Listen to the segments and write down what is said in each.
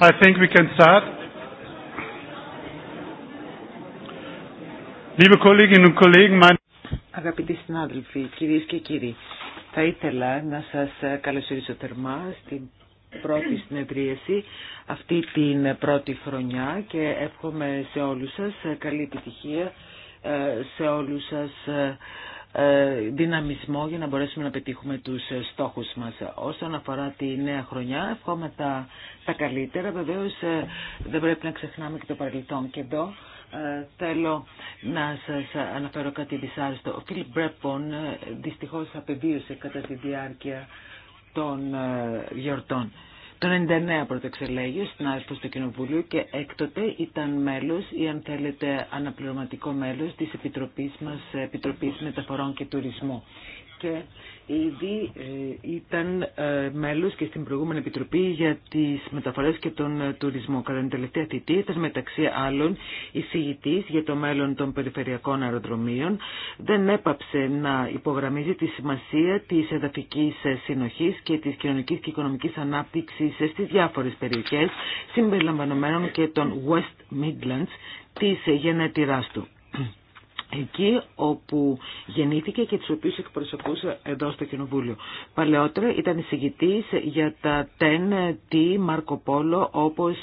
I think we can start. Liebe Kolleginnen und Kollegen, Αγαπητοί συνάδελφοι, κυρίες και κύριοι, θα ήθελα να σας καλωσορίσω θερμά στην πρώτη συνεδρίαση αυτή την πρώτη χρονιά και εύχομαι σε όλους σας καλή επιτυχία, ε, σε όλους σας ε, ε, δυναμισμό για να μπορέσουμε να πετύχουμε τους στόχους μας. Όσον αφορά τη νέα χρονιά, ευχόμαστε τα καλύτερα. Βεβαίως ε, δεν πρέπει να ξεχνάμε και το παρελθόν και εδώ. Ε, θέλω να σας αναφέρω κάτι δυσάρεστο. Ο Φίλιπ Μπρέπον δυστυχώς απεβίωσε κατά τη διάρκεια των γιορτών. Το 99 πρωτοεξελέγει στην άρθρο του Κοινοβουλίου και έκτοτε ήταν μέλος ή αν θέλετε αναπληρωματικό μέλος της Επιτροπής μας, Επιτροπής Μεταφορών και Τουρισμού και ήδη ε, ήταν ε, μέλος και στην προηγούμενη επιτροπή για τις μεταφορές και τον ε, τουρισμό. Κατά την τελευταία θητή ήταν μεταξύ άλλων εισηγητής για το μέλλον των περιφερειακών αεροδρομίων. Δεν έπαψε να υπογραμμίζει τη σημασία της εδαφικής συνοχής και της κοινωνικής και οικονομικής ανάπτυξης στις διάφορες περιοχές συμπεριλαμβανομένων και των West Midlands της γενέτηράς του εκεί όπου γεννήθηκε και τους οποίους εκπροσωπούσε εδώ στο Κοινοβούλιο. Παλαιότερα ήταν εισηγητής για τα ΤΕΝ, τη Μαρκοπόλο, όπως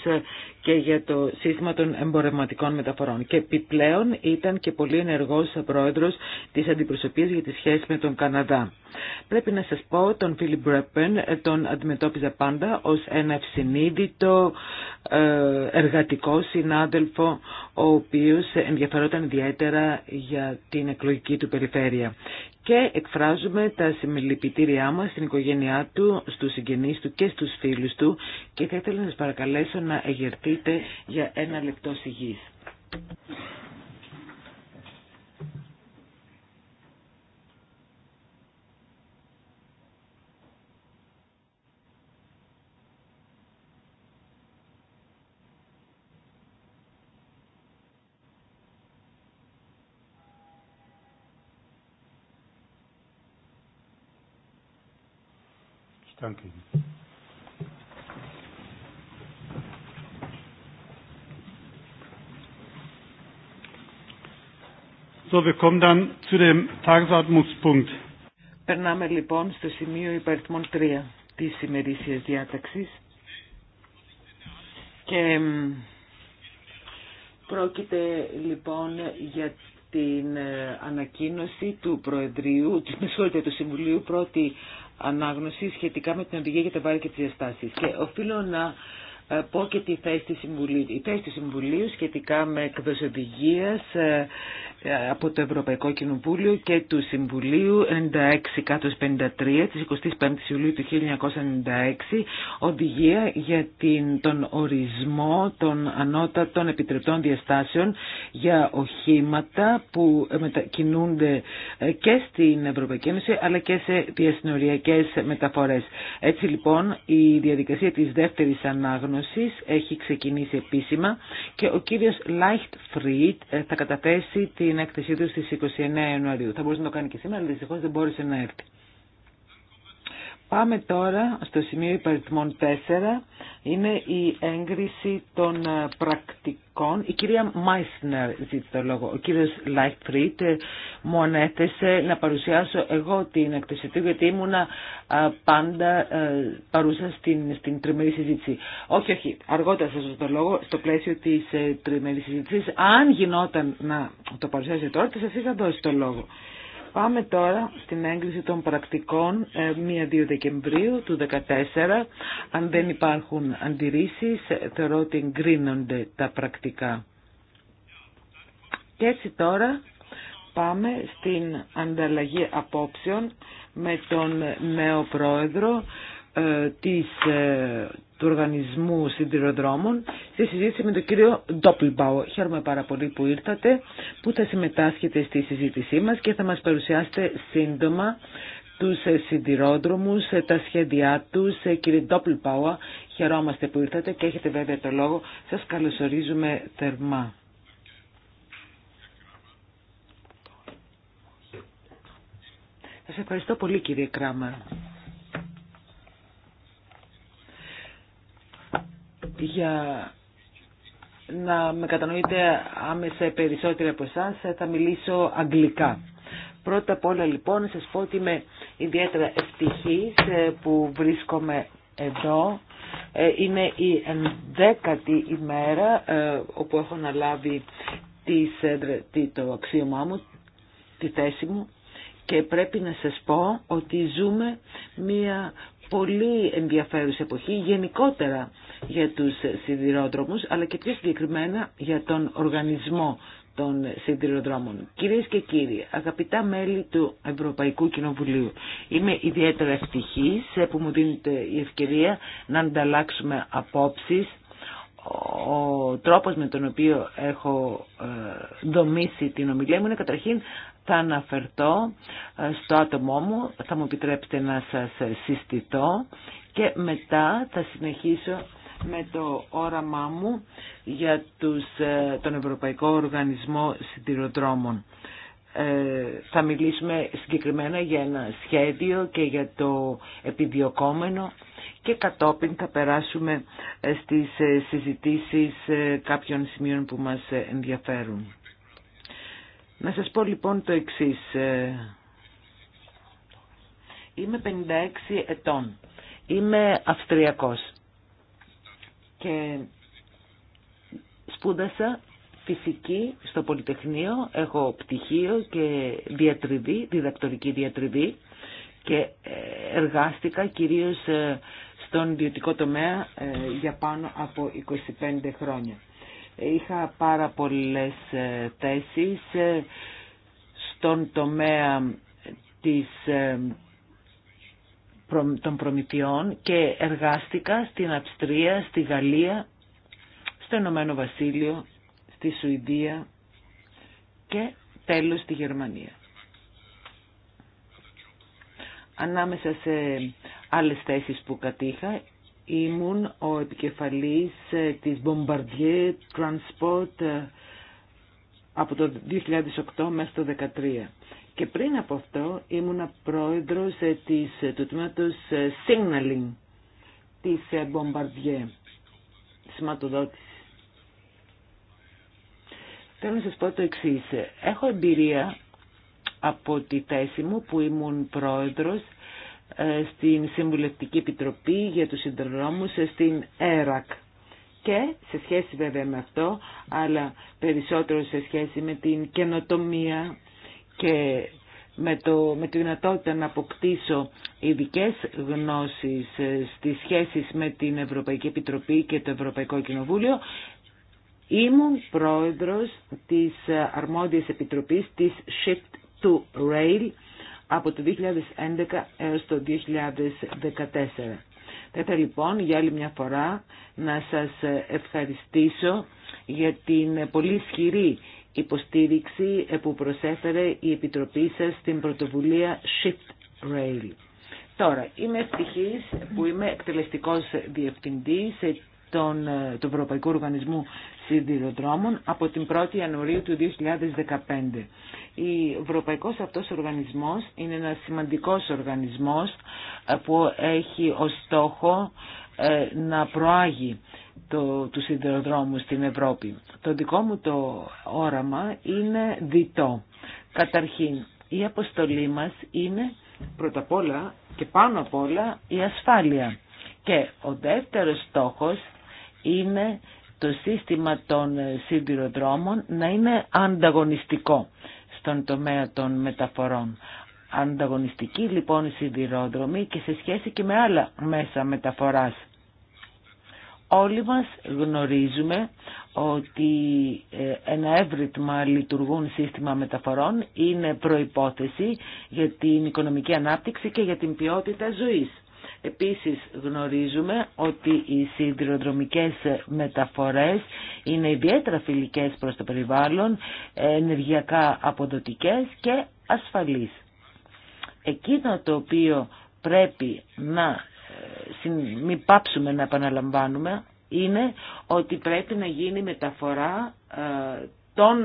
και για το σύστημα των εμπορευματικών μεταφορών. Και επιπλέον ήταν και πολύ ενεργός πρόεδρος της αντιπροσωπείας για τη σχέση με τον Καναδά. Πρέπει να σας πω, τον Φίλιπ Μπρέπεν τον αντιμετώπιζα πάντα ως ένα ευσυνείδητο ε, εργατικό συνάδελφο, ο οποίος ενδιαφερόταν ιδιαίτερα για την εκλογική του περιφέρεια και εκφράζουμε τα συμμελιπιτήριά μας στην οικογένειά του, στους συγγενείς του και στους φίλους του και θα ήθελα να σας παρακαλέσω να εγερτείτε για ένα λεπτό σιγής. Danke Ihnen. So, wir kommen dann zu dem Tagesordnungspunkt. Περνάμε λοιπόν στο σημείο υπαριθμών 3 τη ημερησία διάταξη. και πρόκειται λοιπόν για την ε, ανακοίνωση του Προεδρίου, της Μεσόλυτα του συμβουλιου πρώτη ανάγνωση σχετικά με την οδηγία για τα βάρη και τις διαστάσει. Και οφείλω να ε, πω και τη θέση του Συμβουλίου. Η θέση Συμβουλίου σχετικά με εκδόση ε, ε, από το Ευρωπαϊκό Κοινοβούλιο και του Συμβουλίου 96-53 της 25ης Ιουλίου του 1996 οδηγία για την, τον ορισμό των ανώτατων επιτρεπτών διαστάσεων για οχήματα που μετακινούνται και στην Ευρωπαϊκή Ένωση αλλά και σε διασυνοριακές μεταφορές. Έτσι λοιπόν η διαδικασία της δεύτερης ανάγνωσης έχει ξεκινήσει επίσημα και ο κύριος Λάιχτ ε, θα καταθέσει την έκθεσή του στις 29 Ιανουαρίου. Θα μπορούσε να το κάνει και σήμερα, αλλά δυστυχώς δεν μπόρεσε να έρθει. Πάμε τώρα στο σημείο υπαριθμών 4. Είναι η έγκριση των ε, πρακτικών. Η κυρία Μάισνερ ζήτησε το λόγο. Ο κύριος Λάιχτφριτ ε, μου ανέθεσε να παρουσιάσω εγώ την έκθεση του γιατί ήμουνα ε, πάντα παρούσα στην, στην τριμερή συζήτηση. Όχι, όχι, αργότερα σας δώσω το λόγο στο πλαίσιο της τριμερής συζήτησης. Αν γινόταν να το παρουσιάσετε τώρα, θα σας είχα δώσει το λόγο. Πάμε τώρα στην έγκριση των πρακτικών 1-2 ε, Δεκεμβρίου του 2014. Αν δεν υπάρχουν αντιρρήσεις, ε, θεωρώ ότι εγκρίνονται τα πρακτικά. Και έτσι τώρα πάμε στην ανταλλαγή απόψεων με τον νέο πρόεδρο ε, της, ε, του Οργανισμού Συντηροδρόμων στη συζήτηση με τον κύριο Ντόπλμπαου. Χαίρομαι πάρα πολύ που ήρθατε, που θα συμμετάσχετε στη συζήτησή μας και θα μας παρουσιάσετε σύντομα τους συντηρόδρομους, τα σχέδιά τους. Ε, κύριε Ντόπλμπαου, χαιρόμαστε που ήρθατε και έχετε βέβαια το λόγο. Σας καλωσορίζουμε θερμά. Σας ευχαριστώ πολύ κύριε Κράμα. για να με κατανοείτε άμεσα περισσότεροι από εσά, θα μιλήσω αγγλικά. Πρώτα απ' όλα λοιπόν να σας πω ότι είμαι ιδιαίτερα ευτυχής ε, που βρίσκομαι εδώ. Ε, είναι η δέκατη ημέρα ε, όπου έχω αναλάβει το αξίωμά μου, τη θέση μου και πρέπει να σας πω ότι ζούμε μία πολύ ενδιαφέρουσα εποχή γενικότερα για τους σιδηρόδρομους, αλλά και πιο συγκεκριμένα για τον οργανισμό των σιδηροδρόμων. Κυρίες και κύριοι, αγαπητά μέλη του Ευρωπαϊκού Κοινοβουλίου, είμαι ιδιαίτερα ευτυχής που μου δίνετε η ευκαιρία να ανταλλάξουμε απόψεις. Ο τρόπος με τον οποίο έχω ε, δομήσει την ομιλία μου είναι καταρχήν θα αναφερθώ ε, στο άτομό μου, θα μου επιτρέψετε να σας συστηθώ και μετά θα συνεχίσω με το όραμά μου για τους, ε, τον Ευρωπαϊκό Οργανισμό Συντηροδρόμων. Ε, θα μιλήσουμε συγκεκριμένα για ένα σχέδιο και για το επιδιωκόμενο και κατόπιν θα περάσουμε ε, στις συζητήσεις κάποιων σημείων που μας ενδιαφέρουν. Να σας πω λοιπόν το εξής. Είμαι 56 ετών. Είμαι Αυστριακός και σπούδασα φυσική στο Πολυτεχνείο, έχω πτυχίο και διατριβή, διδακτορική διατριβή και ε, εργάστηκα κυρίως ε, στον ιδιωτικό τομέα ε, για πάνω από 25 χρόνια. Είχα πάρα πολλές θέσεις στον τομέα της των προμηθειών και εργάστηκα στην Αυστρία, στη Γαλλία, στο Ηνωμένο Βασίλειο, στη Σουηδία και τέλος στη Γερμανία. Ανάμεσα σε άλλες θέσεις που κατήχα ήμουν ο επικεφαλής ε, της Bombardier Transport ε, από το 2008 μέχρι το 2013 και πριν από αυτό ήμουν πρόεδρος ε, της, ε, του τμήματος ε, Signaling της Bombardier, σηματοδότηση. Θέλω να σας πω το εξής. Έχω εμπειρία από τη θέση μου που ήμουν πρόεδρος στην Συμβουλευτική Επιτροπή για τους Συνδρομούς στην ΕΡΑΚ. Και σε σχέση βέβαια με αυτό, αλλά περισσότερο σε σχέση με την καινοτομία και με, το, με τη δυνατότητα να αποκτήσω ειδικέ γνώσεις ε, στις σχέσεις με την Ευρωπαϊκή Επιτροπή και το Ευρωπαϊκό Κοινοβούλιο, ήμουν πρόεδρος της αρμόδιας επιτροπής της Shift to Rail από το 2011 έως το 2014. Θα ήθελα λοιπόν για άλλη μια φορά να σας ευχαριστήσω για την πολύ ισχυρή υποστήριξη ε, που προσέφερε η Επιτροπή σας στην πρωτοβουλία Shift Rail. Τώρα, είμαι ευτυχής που είμαι εκτελεστικός διευθυντής τον ε, του Ευρωπαϊκού Οργανισμού Σιδηροδρόμων από την 1η Ιανουαρίου του 2015. Ο Ευρωπαϊκός αυτός οργανισμός είναι ένας σημαντικός οργανισμός ε, που έχει ως στόχο ε, να προάγει το, του σιδηροδρόμου στην Ευρώπη. Το δικό μου το όραμα είναι διτό. Καταρχήν, η αποστολή μας είναι πρώτα απ' όλα και πάνω απ' όλα η ασφάλεια. Και ο δεύτερος στόχος είναι το σύστημα των σιδηροδρόμων να είναι ανταγωνιστικό στον τομέα των μεταφορών. Ανταγωνιστική λοιπόν η σιδηρόδρομη και σε σχέση και με άλλα μέσα μεταφοράς. Όλοι μας γνωρίζουμε ότι ε, ένα εύρυθμα λειτουργούν σύστημα μεταφορών είναι προϋπόθεση για την οικονομική ανάπτυξη και για την ποιότητα ζωής. Επίσης γνωρίζουμε ότι οι σιδηροδρομικές μεταφορές είναι ιδιαίτερα φιλικές προς το περιβάλλον, ενεργειακά αποδοτικές και ασφαλείς. Εκείνο το οποίο πρέπει να ε, μην πάψουμε να επαναλαμβάνουμε είναι ότι πρέπει να γίνει μεταφορά ε, των,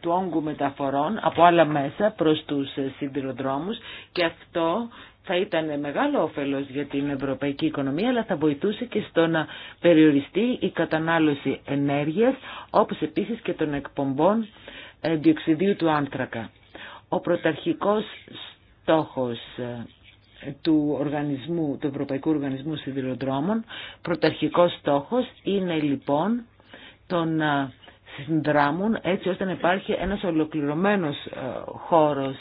του όγκου μεταφορών από άλλα μέσα προς τους ε, σιδηροδρόμους και αυτό θα ήταν μεγάλο όφελος για την ευρωπαϊκή οικονομία αλλά θα βοηθούσε και στο να περιοριστεί η κατανάλωση ενέργειας όπως επίσης και των εκπομπών ε, διοξιδίου του άνθρακα. Ο πρωταρχικός στόχος ε, του, οργανισμού, του Ευρωπαϊκού Οργανισμού Σιδηροδρόμων πρωταρχικός στόχος είναι λοιπόν το να συνδράμουν έτσι ώστε να υπάρχει ένας ολοκληρωμένος ε, χώρος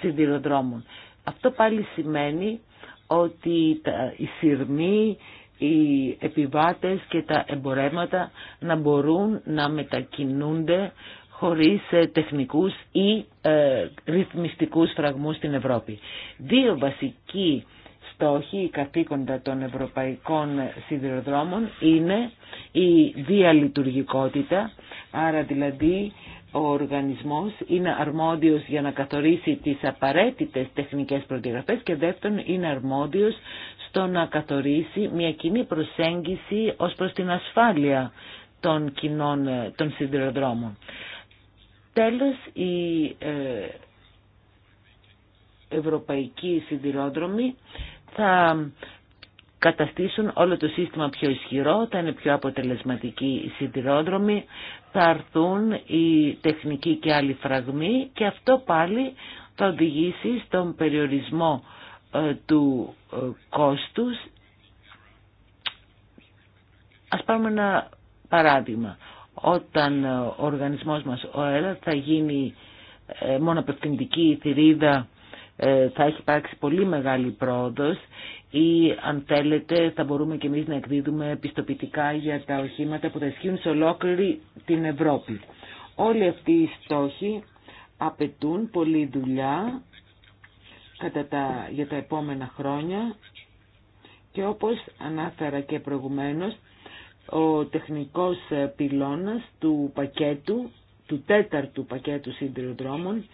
σιδηροδρόμων. Αυτό πάλι σημαίνει ότι τα, οι σειρμοί, οι επιβάτες και τα εμπορέματα να μπορούν να μετακινούνται χωρίς ε, τεχνικούς ή ε, ρυθμιστικούς φραγμούς στην Ευρώπη. Δύο βασικοί στόχοι καθήκοντα των ευρωπαϊκών σιδηροδρόμων είναι η διαλειτουργικότητα, άρα δηλαδή ο οργανισμός είναι αρμόδιος για να καθορίσει τις απαραίτητες τεχνικές προδιαγραφές και δεύτερον είναι αρμόδιος στο να καθορίσει μια κοινή προσέγγιση ως προς την ασφάλεια των κοινών των σιδηροδρόμων. Τέλος, η ε, ευρωπαϊκοί θα καταστήσουν όλο το σύστημα πιο ισχυρό, θα είναι πιο αποτελεσματικοί οι συντηρόδρομοι, θα αρθούν οι τεχνικοί και άλλοι φραγμοί και αυτό πάλι θα οδηγήσει στον περιορισμό ε, του ε, κόστους. Ας πάρουμε ένα παράδειγμα. Όταν ε, ο οργανισμός μας, ο ΕΛΑ, θα γίνει μόνο απευθυντική θηρίδα, θα έχει υπάρξει πολύ μεγάλη πρόοδος ή αν θέλετε θα μπορούμε και εμείς να εκδίδουμε πιστοποιητικά για τα οχήματα που θα ισχύουν σε ολόκληρη την Ευρώπη. Όλοι αυτοί οι στόχοι απαιτούν πολλή δουλειά κατά τα, για τα επόμενα χρόνια και όπως ανάφερα και προηγουμένως ο τεχνικός πυλώνας του πακέτου του τέταρτου πακέτου σιδηροδρόμων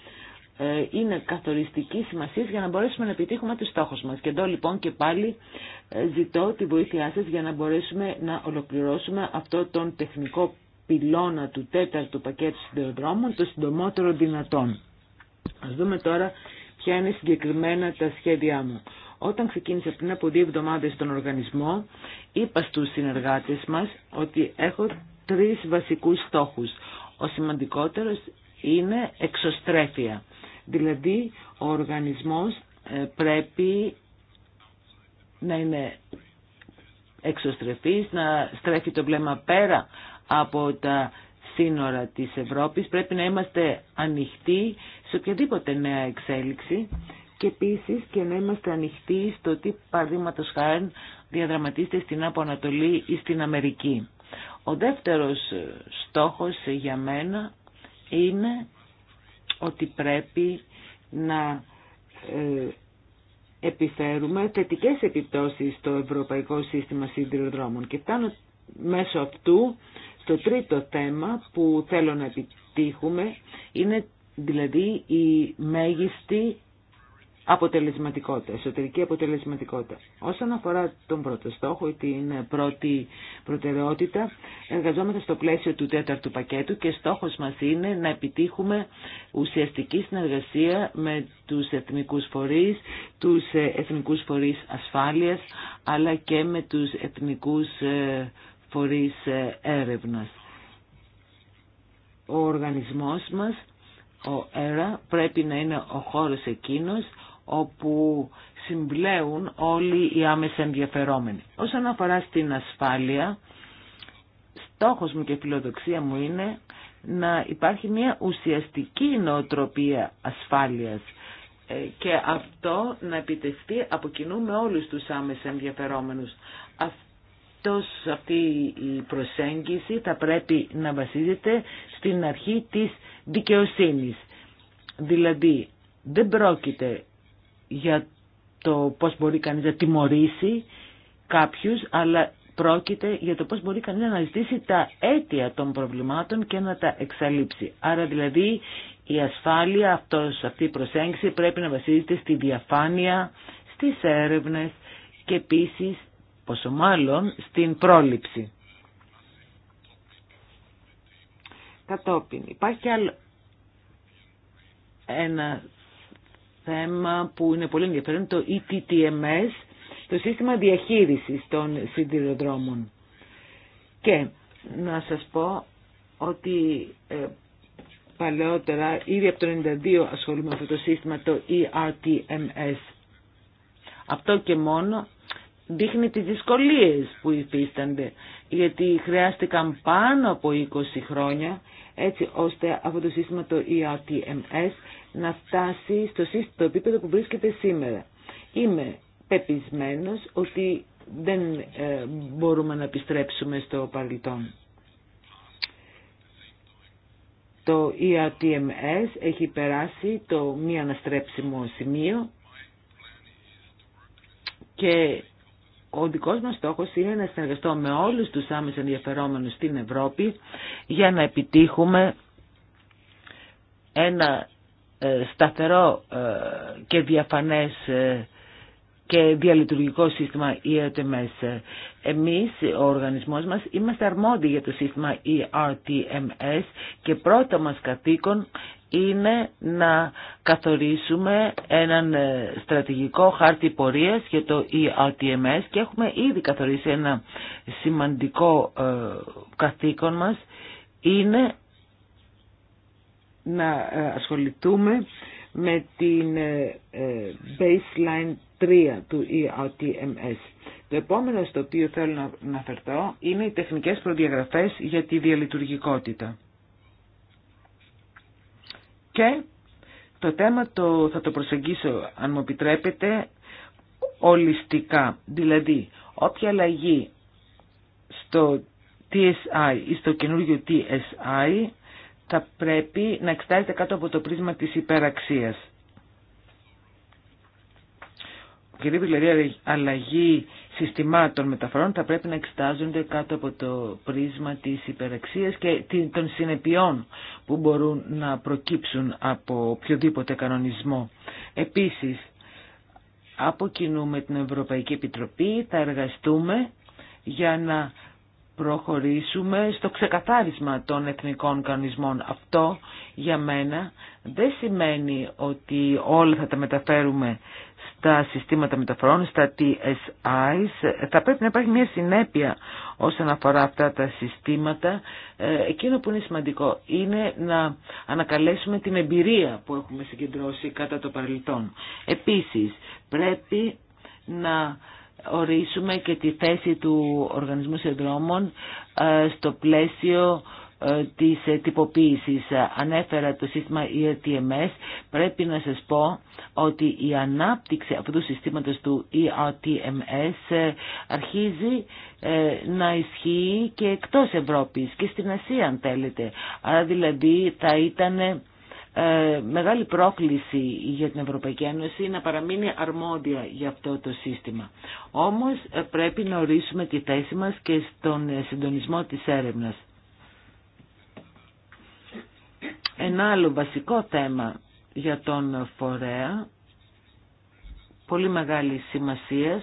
ε, είναι καθοριστική σημασία για να μπορέσουμε να επιτύχουμε τους στόχους μας. Και εδώ λοιπόν και πάλι ε, ζητώ τη βοήθειά σας για να μπορέσουμε να ολοκληρώσουμε αυτό τον τεχνικό πυλώνα του τέταρτου πακέτου συνδεδρόμων το συντομότερο δυνατόν. Ας δούμε τώρα ποια είναι συγκεκριμένα τα σχέδιά μου. Όταν ξεκίνησα πριν από δύο εβδομάδες στον οργανισμό, είπα στους συνεργάτες μας ότι έχω τρεις βασικούς στόχους. Ο σημαντικότερος είναι εξωστρέφεια. Δηλαδή ο οργανισμός ε, πρέπει να είναι εξωστρεφής, να στρέφει το βλέμμα πέρα από τα σύνορα της Ευρώπης. Πρέπει να είμαστε ανοιχτοί σε οποιαδήποτε νέα εξέλιξη και επίσης και να είμαστε ανοιχτοί στο τι παραδείγματο χάρη διαδραματίζεται στην Αποανατολή ή στην Αμερική. Ο δεύτερος ε, στόχος για μένα είναι ότι πρέπει να ε, επιφέρουμε θετικές επιπτώσεις στο ευρωπαϊκό σύστημα σιδηροδρόμων. Και φτάνω μέσω αυτού στο τρίτο θέμα που θέλω να επιτύχουμε είναι δηλαδή η μέγιστη αποτελεσματικότητα, εσωτερική αποτελεσματικότητα. Όσον αφορά τον πρώτο στόχο ή την πρώτη προτεραιότητα, εργαζόμαστε στο πλαίσιο του τέταρτου πακέτου και στόχος μας είναι να επιτύχουμε ουσιαστική συνεργασία με τους εθνικούς φορείς, τους εθνικούς φορείς ασφάλειας, αλλά και με τους εθνικούς ε, φορείς ε, έρευνας. Ο οργανισμός μας ο ΕΡΑ πρέπει να είναι ο χώρος εκείνος όπου συμπλέουν όλοι οι άμεσα ενδιαφερόμενοι. Όσον αφορά στην ασφάλεια, στόχος μου και φιλοδοξία μου είναι να υπάρχει μια ουσιαστική νοοτροπία ασφάλειας ε, και αυτό να επιτευχθεί από κοινού με όλους τους άμεσα ενδιαφερόμενους. Αυτός, αυτή η προσέγγιση θα πρέπει να βασίζεται στην αρχή της δικαιοσύνης. Δηλαδή δεν πρόκειται για το πώς μπορεί κανείς να τιμωρήσει κάποιους, αλλά πρόκειται για το πώς μπορεί κανείς να αναζητήσει τα αίτια των προβλημάτων και να τα εξαλείψει. Άρα δηλαδή η ασφάλεια, αυτός, αυτή η προσέγγιση πρέπει να βασίζεται στη διαφάνεια, στις έρευνες και επίσης, πόσο μάλλον, στην πρόληψη. Κατόπιν υπάρχει άλλο ένα θέμα που είναι πολύ ενδιαφέρον, το ETTMS, το σύστημα διαχείρισης των σιδηροδρόμων. Και να σας πω ότι ε, παλαιότερα, ήδη από το 92 ασχολούμαι με αυτό το σύστημα, το ERTMS. Αυτό και μόνο δείχνει τις δυσκολίες που υφίστανται, γιατί χρειάστηκαν πάνω από 20 χρόνια έτσι ώστε αυτό το σύστημα το ERTMS να φτάσει στο σύστημα, το επίπεδο που βρίσκεται σήμερα. Είμαι πεπισμένος ότι δεν ε, μπορούμε να επιστρέψουμε στο παρελθόν. Το ERTMS έχει περάσει το μη αναστρέψιμο σημείο και ο δικός μας στόχος είναι να συνεργαστώ με όλους τους άμεσα ενδιαφερόμενους στην Ευρώπη για να επιτύχουμε ένα ε, σταθερό ε, και διαφανές ε, και διαλειτουργικό σύστημα ERTMS. Εμείς, ο οργανισμός μας, είμαστε αρμόδιοι για το σύστημα ERTMS και πρώτο μας καθήκον είναι να καθορίσουμε έναν ε, στρατηγικό χάρτη πορείας για το ERTMS και έχουμε ήδη καθορίσει ένα σημαντικό ε, καθήκον μας είναι να ε, ασχοληθούμε με την ε, ε, baseline 3 του ERTMS. Το επόμενο στο οποίο θέλω να αναφερθώ είναι οι τεχνικές προδιαγραφές για τη διαλειτουργικότητα. Και το θέμα το, θα το προσεγγίσω, αν μου επιτρέπετε, ολιστικά. Δηλαδή, όποια αλλαγή στο TSI ή στο καινούργιο TSI θα πρέπει να εξτάζεται κάτω από το πρίσμα της υπεραξίας. δηλαδή αλλαγή συστημάτων μεταφορών θα πρέπει να εξτάζονται κάτω από το πρίσμα της υπεραξίας και των συνεπειών που μπορούν να προκύψουν από οποιοδήποτε κανονισμό. Επίσης, από κοινού με την Ευρωπαϊκή Επιτροπή θα εργαστούμε για να προχωρήσουμε στο ξεκαθάρισμα των εθνικών κανονισμών. Αυτό για μένα δεν σημαίνει ότι όλα θα τα μεταφέρουμε στα συστήματα μεταφορών, στα TSI. Θα πρέπει να υπάρχει μια συνέπεια όσον αφορά αυτά τα συστήματα. Ε, εκείνο που είναι σημαντικό είναι να ανακαλέσουμε την εμπειρία που έχουμε συγκεντρώσει κατά το παρελθόν. Επίσης, πρέπει να ορίσουμε και τη θέση του Οργανισμού Συνδρόμων ε, στο πλαίσιο ε, της ε, τυποποίησης. Ανέφερα το σύστημα ERTMS. Πρέπει να σας πω ότι η ανάπτυξη αυτού του συστήματος του ERTMS αρχίζει να ισχύει και εκτός Ευρώπης και στην Ασία αν θέλετε. Άρα δηλαδή θα ήταν ε, μεγάλη πρόκληση για την Ευρωπαϊκή Ένωση να παραμείνει αρμόδια για αυτό το σύστημα. Όμως ε, πρέπει να ορίσουμε τη θέση μας και στον ε, συντονισμό της έρευνας. Ένα άλλο βασικό θέμα για τον φορέα, πολύ μεγάλη σημασία,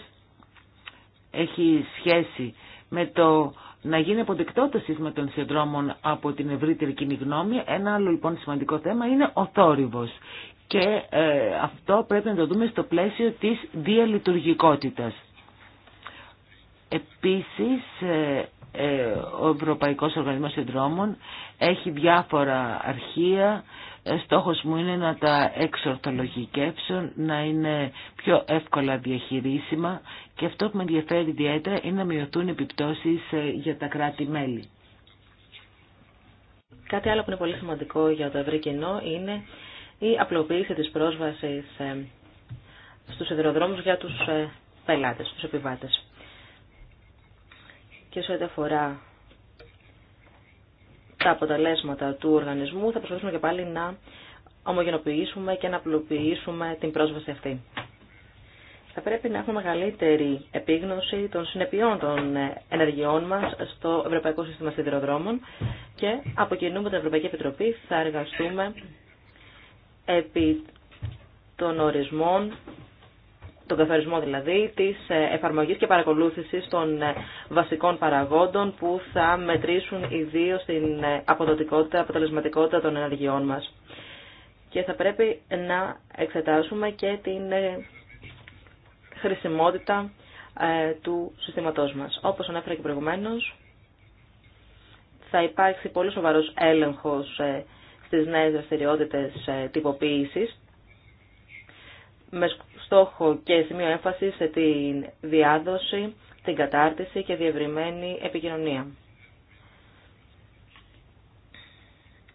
έχει σχέση με το να γίνει αποδεκτό το σύστημα των συνδρόμων από την ευρύτερη κοινή γνώμη. Ένα άλλο λοιπόν σημαντικό θέμα είναι ο θόρυβος. Και ε, αυτό πρέπει να το δούμε στο πλαίσιο της διαλειτουργικότητας. Επίσης, ε, ε, ο Ευρωπαϊκός Οργανισμός Συνδρόμων έχει διάφορα αρχεία Στόχος μου είναι να τα εξορθολογικεύσω, να είναι πιο εύκολα διαχειρίσιμα και αυτό που με ενδιαφέρει ιδιαίτερα είναι να μειωθούν επιπτώσεις ε, για τα κράτη-μέλη. Κάτι άλλο που είναι πολύ σημαντικό για το ευρύ κοινό είναι η απλοποίηση της πρόσβασης ε, στους σιδηροδρόμους για τους ε, πελάτες, τους επιβάτες. Και σε ό,τι αφορά τα αποτελέσματα του οργανισμού θα προσπαθήσουμε και πάλι να ομογενοποιήσουμε και να απλοποιήσουμε την πρόσβαση αυτή. Θα πρέπει να έχουμε μεγαλύτερη επίγνωση των συνεπειών των ενεργειών μας στο Ευρωπαϊκό Σύστημα Σιδηροδρόμων και από κοινού με την Ευρωπαϊκή Επιτροπή θα εργαστούμε επί των ορισμών τον καθορισμό δηλαδή της ε, εφαρμογής και παρακολούθησης των ε, βασικών παραγόντων που θα μετρήσουν ιδίω την ε, αποδοτικότητα, αποτελεσματικότητα των ενεργειών μας. Και θα πρέπει να εξετάσουμε και την χρησιμότητα του συστήματός μας. Όπως ανέφερα και προηγουμένως, θα υπάρξει πολύ σοβαρός έλεγχος στις νέες δραστηριότητες τυποποίησης στόχο και σημείο έμφαση σε την διάδοση, την κατάρτιση και διευρυμένη επικοινωνία.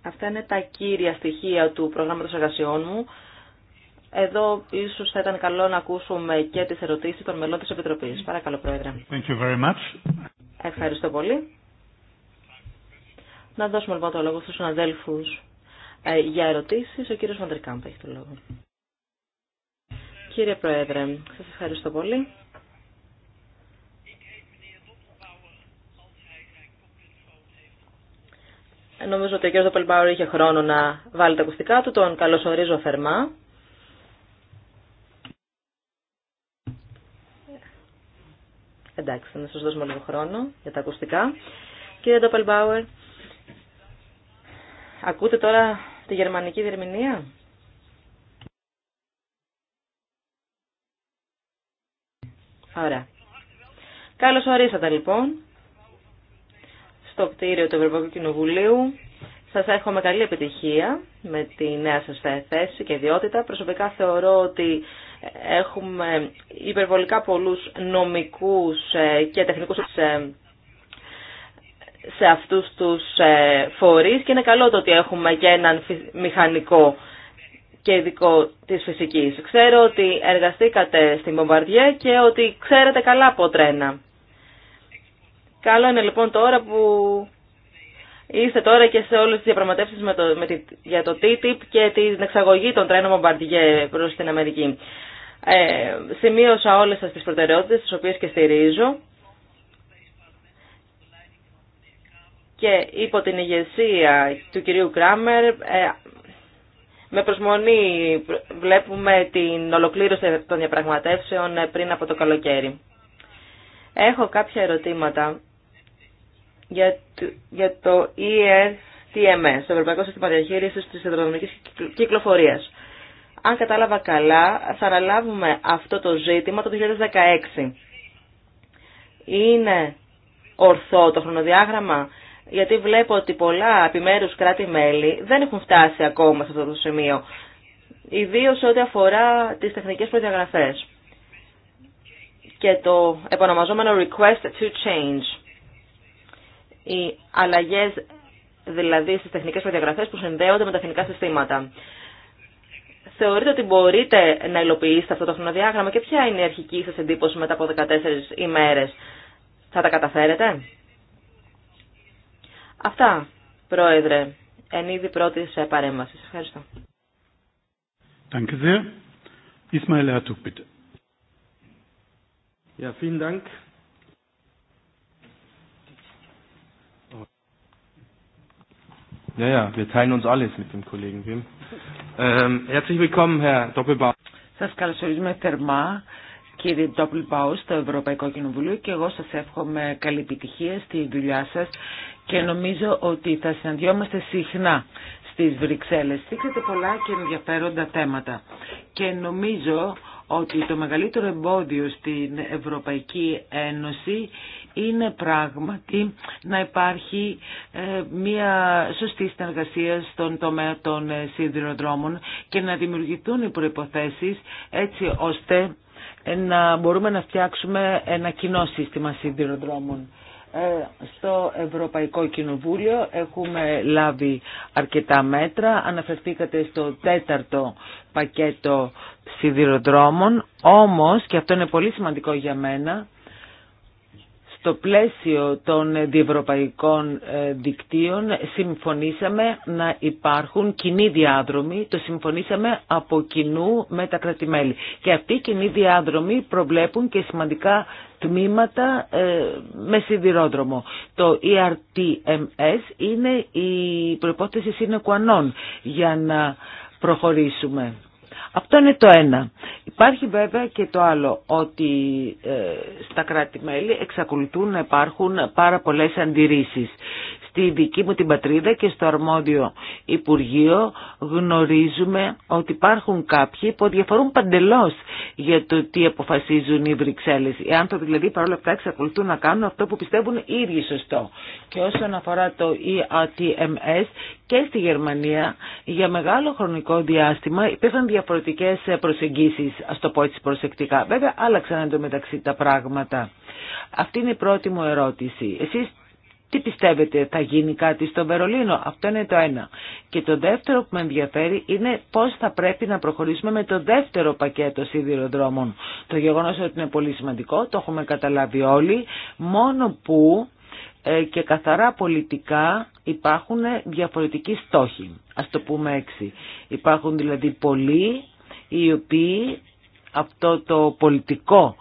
Αυτά είναι τα κύρια στοιχεία του προγράμματος εργασιών μου. Εδώ ίσως θα ήταν καλό να ακούσουμε και τις ερωτήσεις των μελών της Επιτροπής. Παρακαλώ, Πρόεδρε. Thank you very much. Ευχαριστώ πολύ. Να δώσουμε λοιπόν το λόγο στους συναδέλφους ε, για ερωτήσεις. Ο κύριος Βαντερκάμπ έχει το λόγο. Κύριε Πρόεδρε, σας ευχαριστώ πολύ. Νομίζω ότι ο κ. Δοπελμπάουρ είχε χρόνο να βάλει τα ακουστικά του. Τον καλωσορίζω θερμά. Εντάξει, να σας δώσουμε λίγο χρόνο για τα ακουστικά. Κύριε Ντόπελμπάουερ, ακούτε τώρα τη γερμανική διερμηνία. Ωραία. Καλώς ορίσατε λοιπόν στο κτίριο του Ευρωπαϊκού Κοινοβουλίου. Σας εύχομαι καλή επιτυχία με τη νέα σας θέση και ιδιότητα. Προσωπικά θεωρώ ότι έχουμε υπερβολικά πολλούς νομικούς ε, και τεχνικούς ε, σε αυτούς τους ε, φορείς και είναι καλό το ότι έχουμε και έναν μηχανικό και ειδικό της φυσικής. Ξέρω ότι εργαστήκατε στην Μομπαρδιέ και ότι ξέρετε καλά από τρένα. Καλό είναι λοιπόν τώρα που είστε τώρα και σε όλες τις διαπραγματεύσεις με το, με για το TTIP και την εξαγωγή των τρένων Μομπαρδιέ προς την Αμερική. Ε, σημείωσα όλες σας τις προτεραιότητες, τις οποίες και στηρίζω. Και υπό την ηγεσία του κυρίου Κράμερ ε, με προσμονή βλέπουμε την ολοκλήρωση των διαπραγματεύσεων πριν από το καλοκαίρι. Έχω κάποια ερωτήματα για το ERTMS, το Ευρωπαϊκό Σύστημα Διαχείρισης της κύκλοφορίες. Κυκλοφορίας. Αν κατάλαβα καλά, θα αναλάβουμε αυτό το ζήτημα το 2016. Είναι ορθό το χρονοδιάγραμμα γιατί βλέπω ότι πολλά επιμέρους κράτη-μέλη δεν έχουν φτάσει ακόμα σε αυτό το σημείο, ιδίως ό,τι αφορά τις τεχνικές προδιαγραφές και το επανομαζόμενο request to change. Οι αλλαγές δηλαδή στις τεχνικές προδιαγραφές που συνδέονται με τα εθνικά συστήματα. Θεωρείτε ότι μπορείτε να υλοποιήσετε αυτό το χρονοδιάγραμμα και ποια είναι η αρχική σας εντύπωση μετά από 14 ημέρες. Θα τα καταφέρετε? Αυτά, Πρόεδρε, εν είδη πρώτη παρέμβαση. Ευχαριστώ. Ja, ja, wir teilen uns alles mit dem Kollegen Wim. Ähm, herzlich willkommen, Herr Doppelbauer. Σας καλωσορίζουμε θερμά, κύριε Doppelbau, στο Ευρωπαϊκό Κοινοβουλίο και εγώ σας εύχομαι καλή επιτυχία στη δουλειά σας και νομίζω ότι θα συναντιόμαστε συχνά στις Βρυξέλλες. Δείξατε πολλά και ενδιαφέροντα θέματα και νομίζω ότι το μεγαλύτερο εμπόδιο στην Ευρωπαϊκή Ένωση είναι πράγματι να υπάρχει ε, μια σωστή συνεργασία στον τομέα των ε, σιδηροδρόμων και να δημιουργηθούν οι προϋποθέσεις έτσι ώστε να μπορούμε να φτιάξουμε ένα κοινό σύστημα σιδηροδρόμων. Ε, στο Ευρωπαϊκό Κοινοβούλιο έχουμε λάβει αρκετά μέτρα. Αναφερθήκατε στο τέταρτο πακέτο σιδηροδρόμων, όμως, και αυτό είναι πολύ σημαντικό για μένα, το πλαίσιο των διευρωπαϊκών ε, δικτύων συμφωνήσαμε να υπάρχουν κοινοί διάδρομοι, το συμφωνήσαμε από κοινού με τα κρατημέλη. Και αυτοί οι κοινοί διάδρομοι προβλέπουν και σημαντικά τμήματα ε, με σιδηρόδρομο. Το ERTMS είναι η προϋπόθεση συνεκουανών για να προχωρήσουμε. Αυτό είναι το ένα. Υπάρχει βέβαια και το άλλο, ότι ε, στα κράτη-μέλη εξακολουθούν να υπάρχουν πάρα πολλές αντιρρήσεις στη δική μου την πατρίδα και στο αρμόδιο Υπουργείο γνωρίζουμε ότι υπάρχουν κάποιοι που διαφορούν παντελώς για το τι αποφασίζουν οι Βρυξέλλες. Οι άνθρωποι δηλαδή παρόλα αυτά εξακολουθούν να κάνουν αυτό που πιστεύουν οι ίδιοι σωστό. Και όσον αφορά το EATMS και στη Γερμανία για μεγάλο χρονικό διάστημα υπήρχαν διαφορετικές προσεγγίσεις, ας το πω έτσι προσεκτικά. Βέβαια άλλαξαν εντωμεταξύ τα πράγματα. Αυτή είναι η πρώτη μου ερώτηση. Εσείς τι πιστεύετε, θα γίνει κάτι στο Βερολίνο. Αυτό είναι το ένα. Και το δεύτερο που με ενδιαφέρει είναι πώς θα πρέπει να προχωρήσουμε με το δεύτερο πακέτο σιδηροδρόμων. Το γεγονός ότι είναι πολύ σημαντικό, το έχουμε καταλάβει όλοι, μόνο που ε, και καθαρά πολιτικά υπάρχουν διαφορετικοί στόχοι. Ας το πούμε έξι. Υπάρχουν δηλαδή πολλοί οι οποίοι αυτό το πολιτικό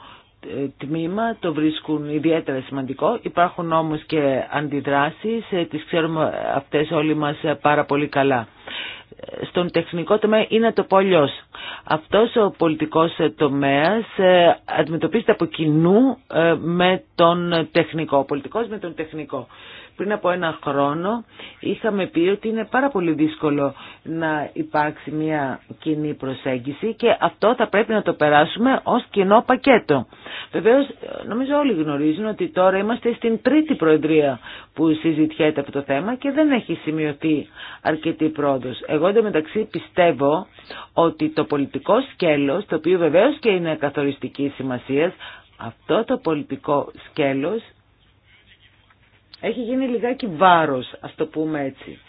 τμήμα το βρίσκουν ιδιαίτερα σημαντικό. Υπάρχουν όμως και αντιδράσεις, ε, τις ξέρουμε αυτές όλοι μας πάρα πολύ καλά. Στον τεχνικό τομέα είναι το πόλιος. Αυτός ο πολιτικός τομέας ε, αντιμετωπίζεται από κοινού ε, με τον τεχνικό, ο πολιτικός με τον τεχνικό. Πριν από ένα χρόνο είχαμε πει ότι είναι πάρα πολύ δύσκολο να υπάρξει μια κοινή προσέγγιση και αυτό θα πρέπει να το περάσουμε ως κοινό πακέτο. Βεβαίως νομίζω όλοι γνωρίζουν ότι τώρα είμαστε στην τρίτη προεδρία που συζητιέται από το θέμα και δεν έχει σημειωθεί αρκετή πρόοδος. Εγώ εντωμεταξύ πιστεύω ότι το πολιτικό σκέλος, το οποίο βεβαίως και είναι καθοριστική σημασία, αυτό το πολιτικό σκέλος έχει γίνει λιγάκι βάρος, ας το πούμε έτσι.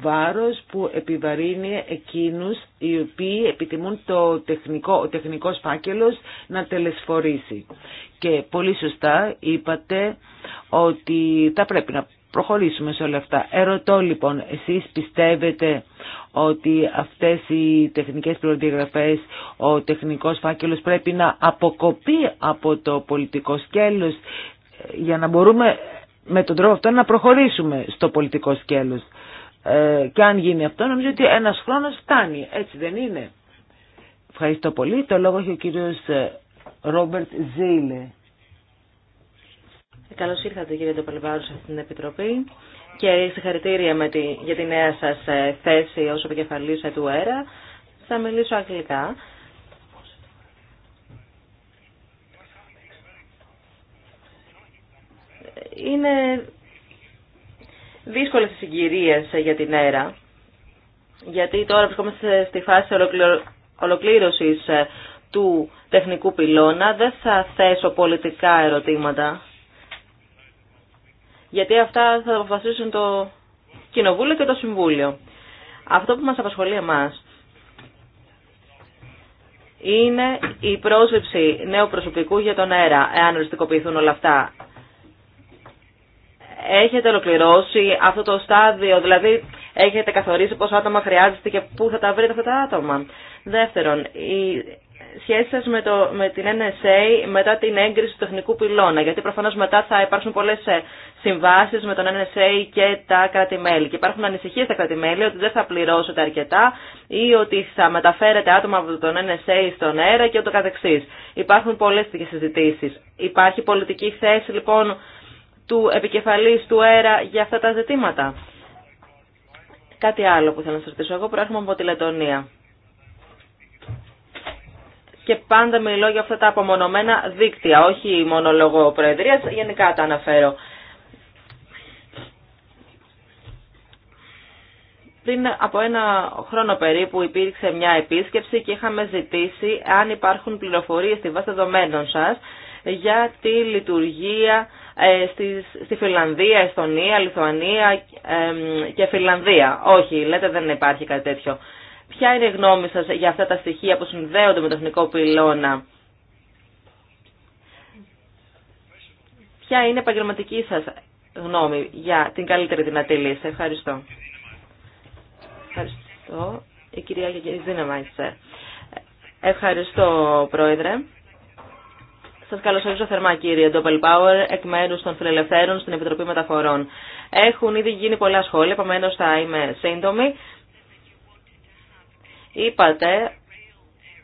Βάρος που επιβαρύνει εκείνους οι οποίοι επιτιμούν το τεχνικό, ο τεχνικός φάκελος να τελεσφορήσει. Και πολύ σωστά είπατε ότι θα πρέπει να προχωρήσουμε σε όλα αυτά. Ερωτώ λοιπόν, εσείς πιστεύετε ότι αυτές οι τεχνικές προδιαγραφές, ο τεχνικός φάκελος πρέπει να αποκοπεί από το πολιτικό σκέλος ε, για να μπορούμε με τον τρόπο αυτό να προχωρήσουμε στο πολιτικό σκέλος. Ε, και αν γίνει αυτό νομίζω ότι ένας χρόνος φτάνει. Έτσι δεν είναι. Ευχαριστώ πολύ. Το λόγο έχει ο κύριος ε, Ρόμπερτ Ζήλε. Ε, καλώς ήρθατε κύριε το σε αυτήν την Επιτροπή και συγχαρητήρια με τη, για τη νέα σας ε, θέση ως επικεφαλής του ΕΡΑ. Θα μιλήσω αγγλικά. Είναι δύσκολες οι συγκυρίες για την ΕΡΑ, γιατί τώρα βρισκόμαστε στη φάση ολοκλήρωσης ε, του τεχνικού πυλώνα. Δεν θα θέσω πολιτικά ερωτήματα, γιατί αυτά θα αποφασίσουν το Κοινοβούλιο και το Συμβούλιο. Αυτό που μας απασχολεί εμάς είναι η πρόσληψη νέου προσωπικού για τον αέρα, εάν οριστικοποιηθούν όλα αυτά έχετε ολοκληρώσει αυτό το στάδιο, δηλαδή έχετε καθορίσει πόσο άτομα χρειάζεστε και πού θα τα βρείτε αυτά τα άτομα. Δεύτερον, η σχέση σας με, το, με την NSA μετά την έγκριση του τεχνικού πυλώνα, γιατί προφανώς μετά θα υπάρξουν πολλές ε, συμβάσεις με τον NSA και τα κρατη Και υπάρχουν ανησυχίες στα κρατη ότι δεν θα πληρώσετε αρκετά ή ότι θα μεταφέρετε άτομα από τον NSA στον αέρα και ούτω καθεξής. Υπάρχουν πολλές συζητήσεις. Υπάρχει πολιτική θέση λοιπόν του επικεφαλής του ΕΡΑ για αυτά τα ζητήματα. Κάτι άλλο που θέλω να σας ρωτήσω. Εγώ προέρχομαι από τη Λετωνία. Και πάντα μιλώ για αυτά τα απομονωμένα δίκτυα, όχι μόνο λόγω προεδρίας, γενικά τα αναφέρω. Πριν από ένα χρόνο περίπου υπήρξε μια επίσκεψη και είχαμε ζητήσει αν υπάρχουν πληροφορίες στη βάση δεδομένων σας για τη λειτουργία ε, στη Φιλανδία, Εστονία, Λιθουανία και Φιλανδία. Όχι, λέτε δεν υπάρχει κάτι τέτοιο. Ποια είναι η γνώμη σας για αυτά τα στοιχεία που συνδέονται με το εθνικό πυλώνα. Ποια είναι η επαγγελματική σας γνώμη για την καλύτερη δυνατή λύση. Ευχαριστώ. Ευχαριστώ. Η κυρία Δίνεμα, Ευχαριστώ, Πρόεδρε. Σας καλωσορίζω θερμά κύριε Ντόπελ Πάουερ, εκ μέρους των φιλελευθέρων στην Επιτροπή Μεταφορών. Έχουν ήδη γίνει πολλά σχόλια, επομένως θα είμαι σύντομη. Είπατε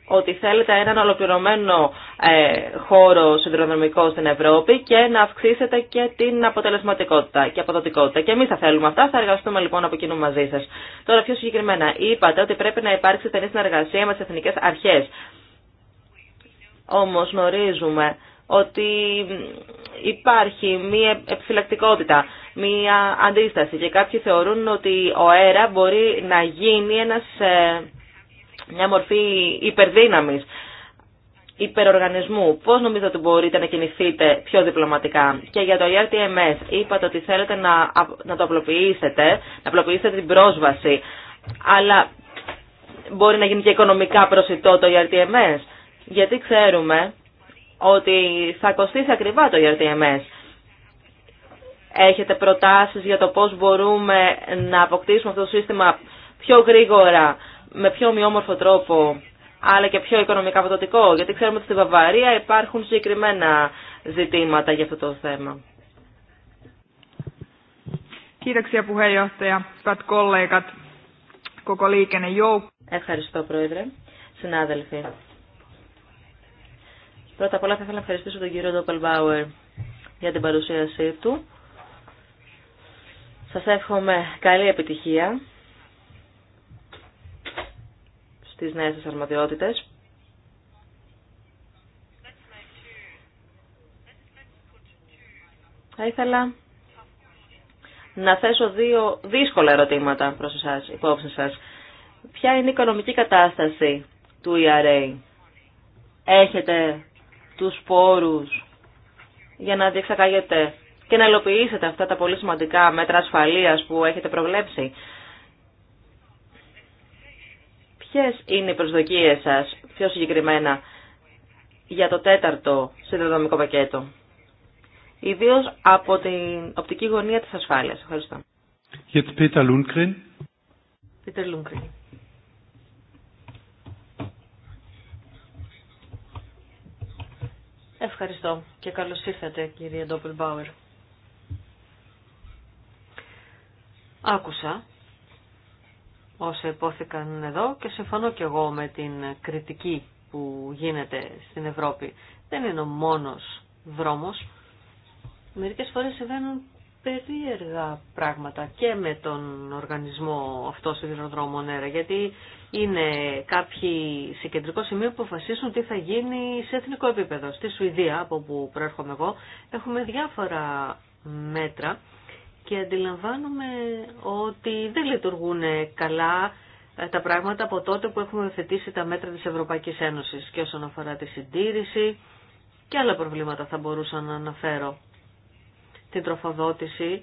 ότι θέλετε έναν ολοκληρωμένο ε, χώρο συνδρομικό στην Ευρώπη και να αυξήσετε και την αποτελεσματικότητα και αποδοτικότητα. Και εμεί θα θέλουμε αυτά, θα εργαστούμε λοιπόν από κοινού μαζί σα. Τώρα πιο συγκεκριμένα, είπατε ότι πρέπει να υπάρξει στενή συνεργασία με τι εθνικέ αρχέ. Όμως γνωρίζουμε ότι υπάρχει μία επιφυλακτικότητα, μία αντίσταση και κάποιοι θεωρούν ότι ο αέρα μπορεί να γίνει ένας, ε, μια μορφή υπερδύναμης, υπεροργανισμού. Πώς νομίζετε ότι μπορείτε να κινηθείτε πιο διπλωματικά. Και για το ERTMS είπατε ότι θέλετε να, να το απλοποιήσετε, να απλοποιήσετε την πρόσβαση, αλλά μπορεί να γίνει και οικονομικά προσιτό το ERTMS γιατί ξέρουμε ότι θα κοστίσει ακριβά το ERTMS. Έχετε προτάσεις για το πώς μπορούμε να αποκτήσουμε αυτό το σύστημα πιο γρήγορα, με πιο ομοιόμορφο τρόπο, αλλά και πιο οικονομικά αποδοτικό. γιατί ξέρουμε ότι στη Βαυαρία υπάρχουν συγκεκριμένα ζητήματα για αυτό το θέμα. Ευχαριστώ, Πρόεδρε. Συνάδελφοι. Πρώτα απ' όλα θα ήθελα να ευχαριστήσω τον κύριο Ντόπελμπάουερ για την παρουσίασή του. Σας εύχομαι καλή επιτυχία στις νέες σας αρμοδιότητες. Θα ήθελα να θέσω δύο δύσκολα ερωτήματα προς εσάς, υπόψη σας. Ποια είναι η οικονομική κατάσταση του ERA. Έχετε τους πόρους για να διεξακαγεται και να υλοποιήσετε αυτά τα πολύ σημαντικά μέτρα ασφαλείας που έχετε προβλέψει. Ποιες είναι οι προσδοκίες σας πιο συγκεκριμένα για το τέταρτο συνδεδομικό πακέτο, Ιδίω από την οπτική γωνία της ασφάλειας. Ευχαριστώ. Peter Lundgren. Peter Ευχαριστώ και καλώς ήρθατε κύριε Ντόπελ Μπάουερ. Άκουσα όσα υπόθηκαν εδώ και συμφωνώ και εγώ με την κριτική που γίνεται στην Ευρώπη. Δεν είναι ο μόνος δρόμος. Μερικές φορές συμβαίνουν περίεργα πράγματα και με τον οργανισμό αυτό σιδηροδρόμων νέρα, ναι, γιατί είναι κάποιοι σε κεντρικό σημείο που αποφασίσουν τι θα γίνει σε εθνικό επίπεδο. Στη Σουηδία, από που προέρχομαι εγώ, έχουμε διάφορα μέτρα και αντιλαμβάνουμε ότι δεν λειτουργούν καλά ε, τα πράγματα από τότε που έχουμε θετήσει τα μέτρα της Ευρωπαϊκής Ένωσης και όσον αφορά τη συντήρηση και άλλα προβλήματα θα μπορούσα να αναφέρω την τροφοδότηση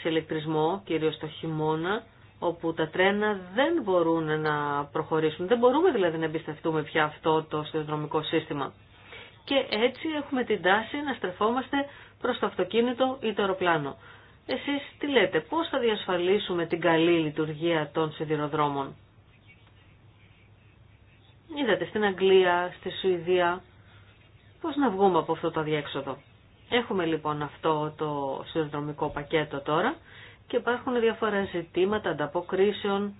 σε ηλεκτρισμό, κυρίως το χειμώνα, όπου τα τρένα δεν μπορούν να προχωρήσουν. Δεν μπορούμε δηλαδή να εμπιστευτούμε πια αυτό το σιδηροδρομικό σύστημα. Και έτσι έχουμε την τάση να στρεφόμαστε προς το αυτοκίνητο ή το αεροπλάνο. Εσείς τι λέτε, πώς θα διασφαλίσουμε την καλή λειτουργία των σιδηροδρόμων. Είδατε στην Αγγλία, στη Σουηδία, πώς να βγούμε από αυτό το αδιέξοδο. Έχουμε λοιπόν αυτό το συνδρομικό πακέτο τώρα και υπάρχουν διάφορα ζητήματα ανταποκρίσεων,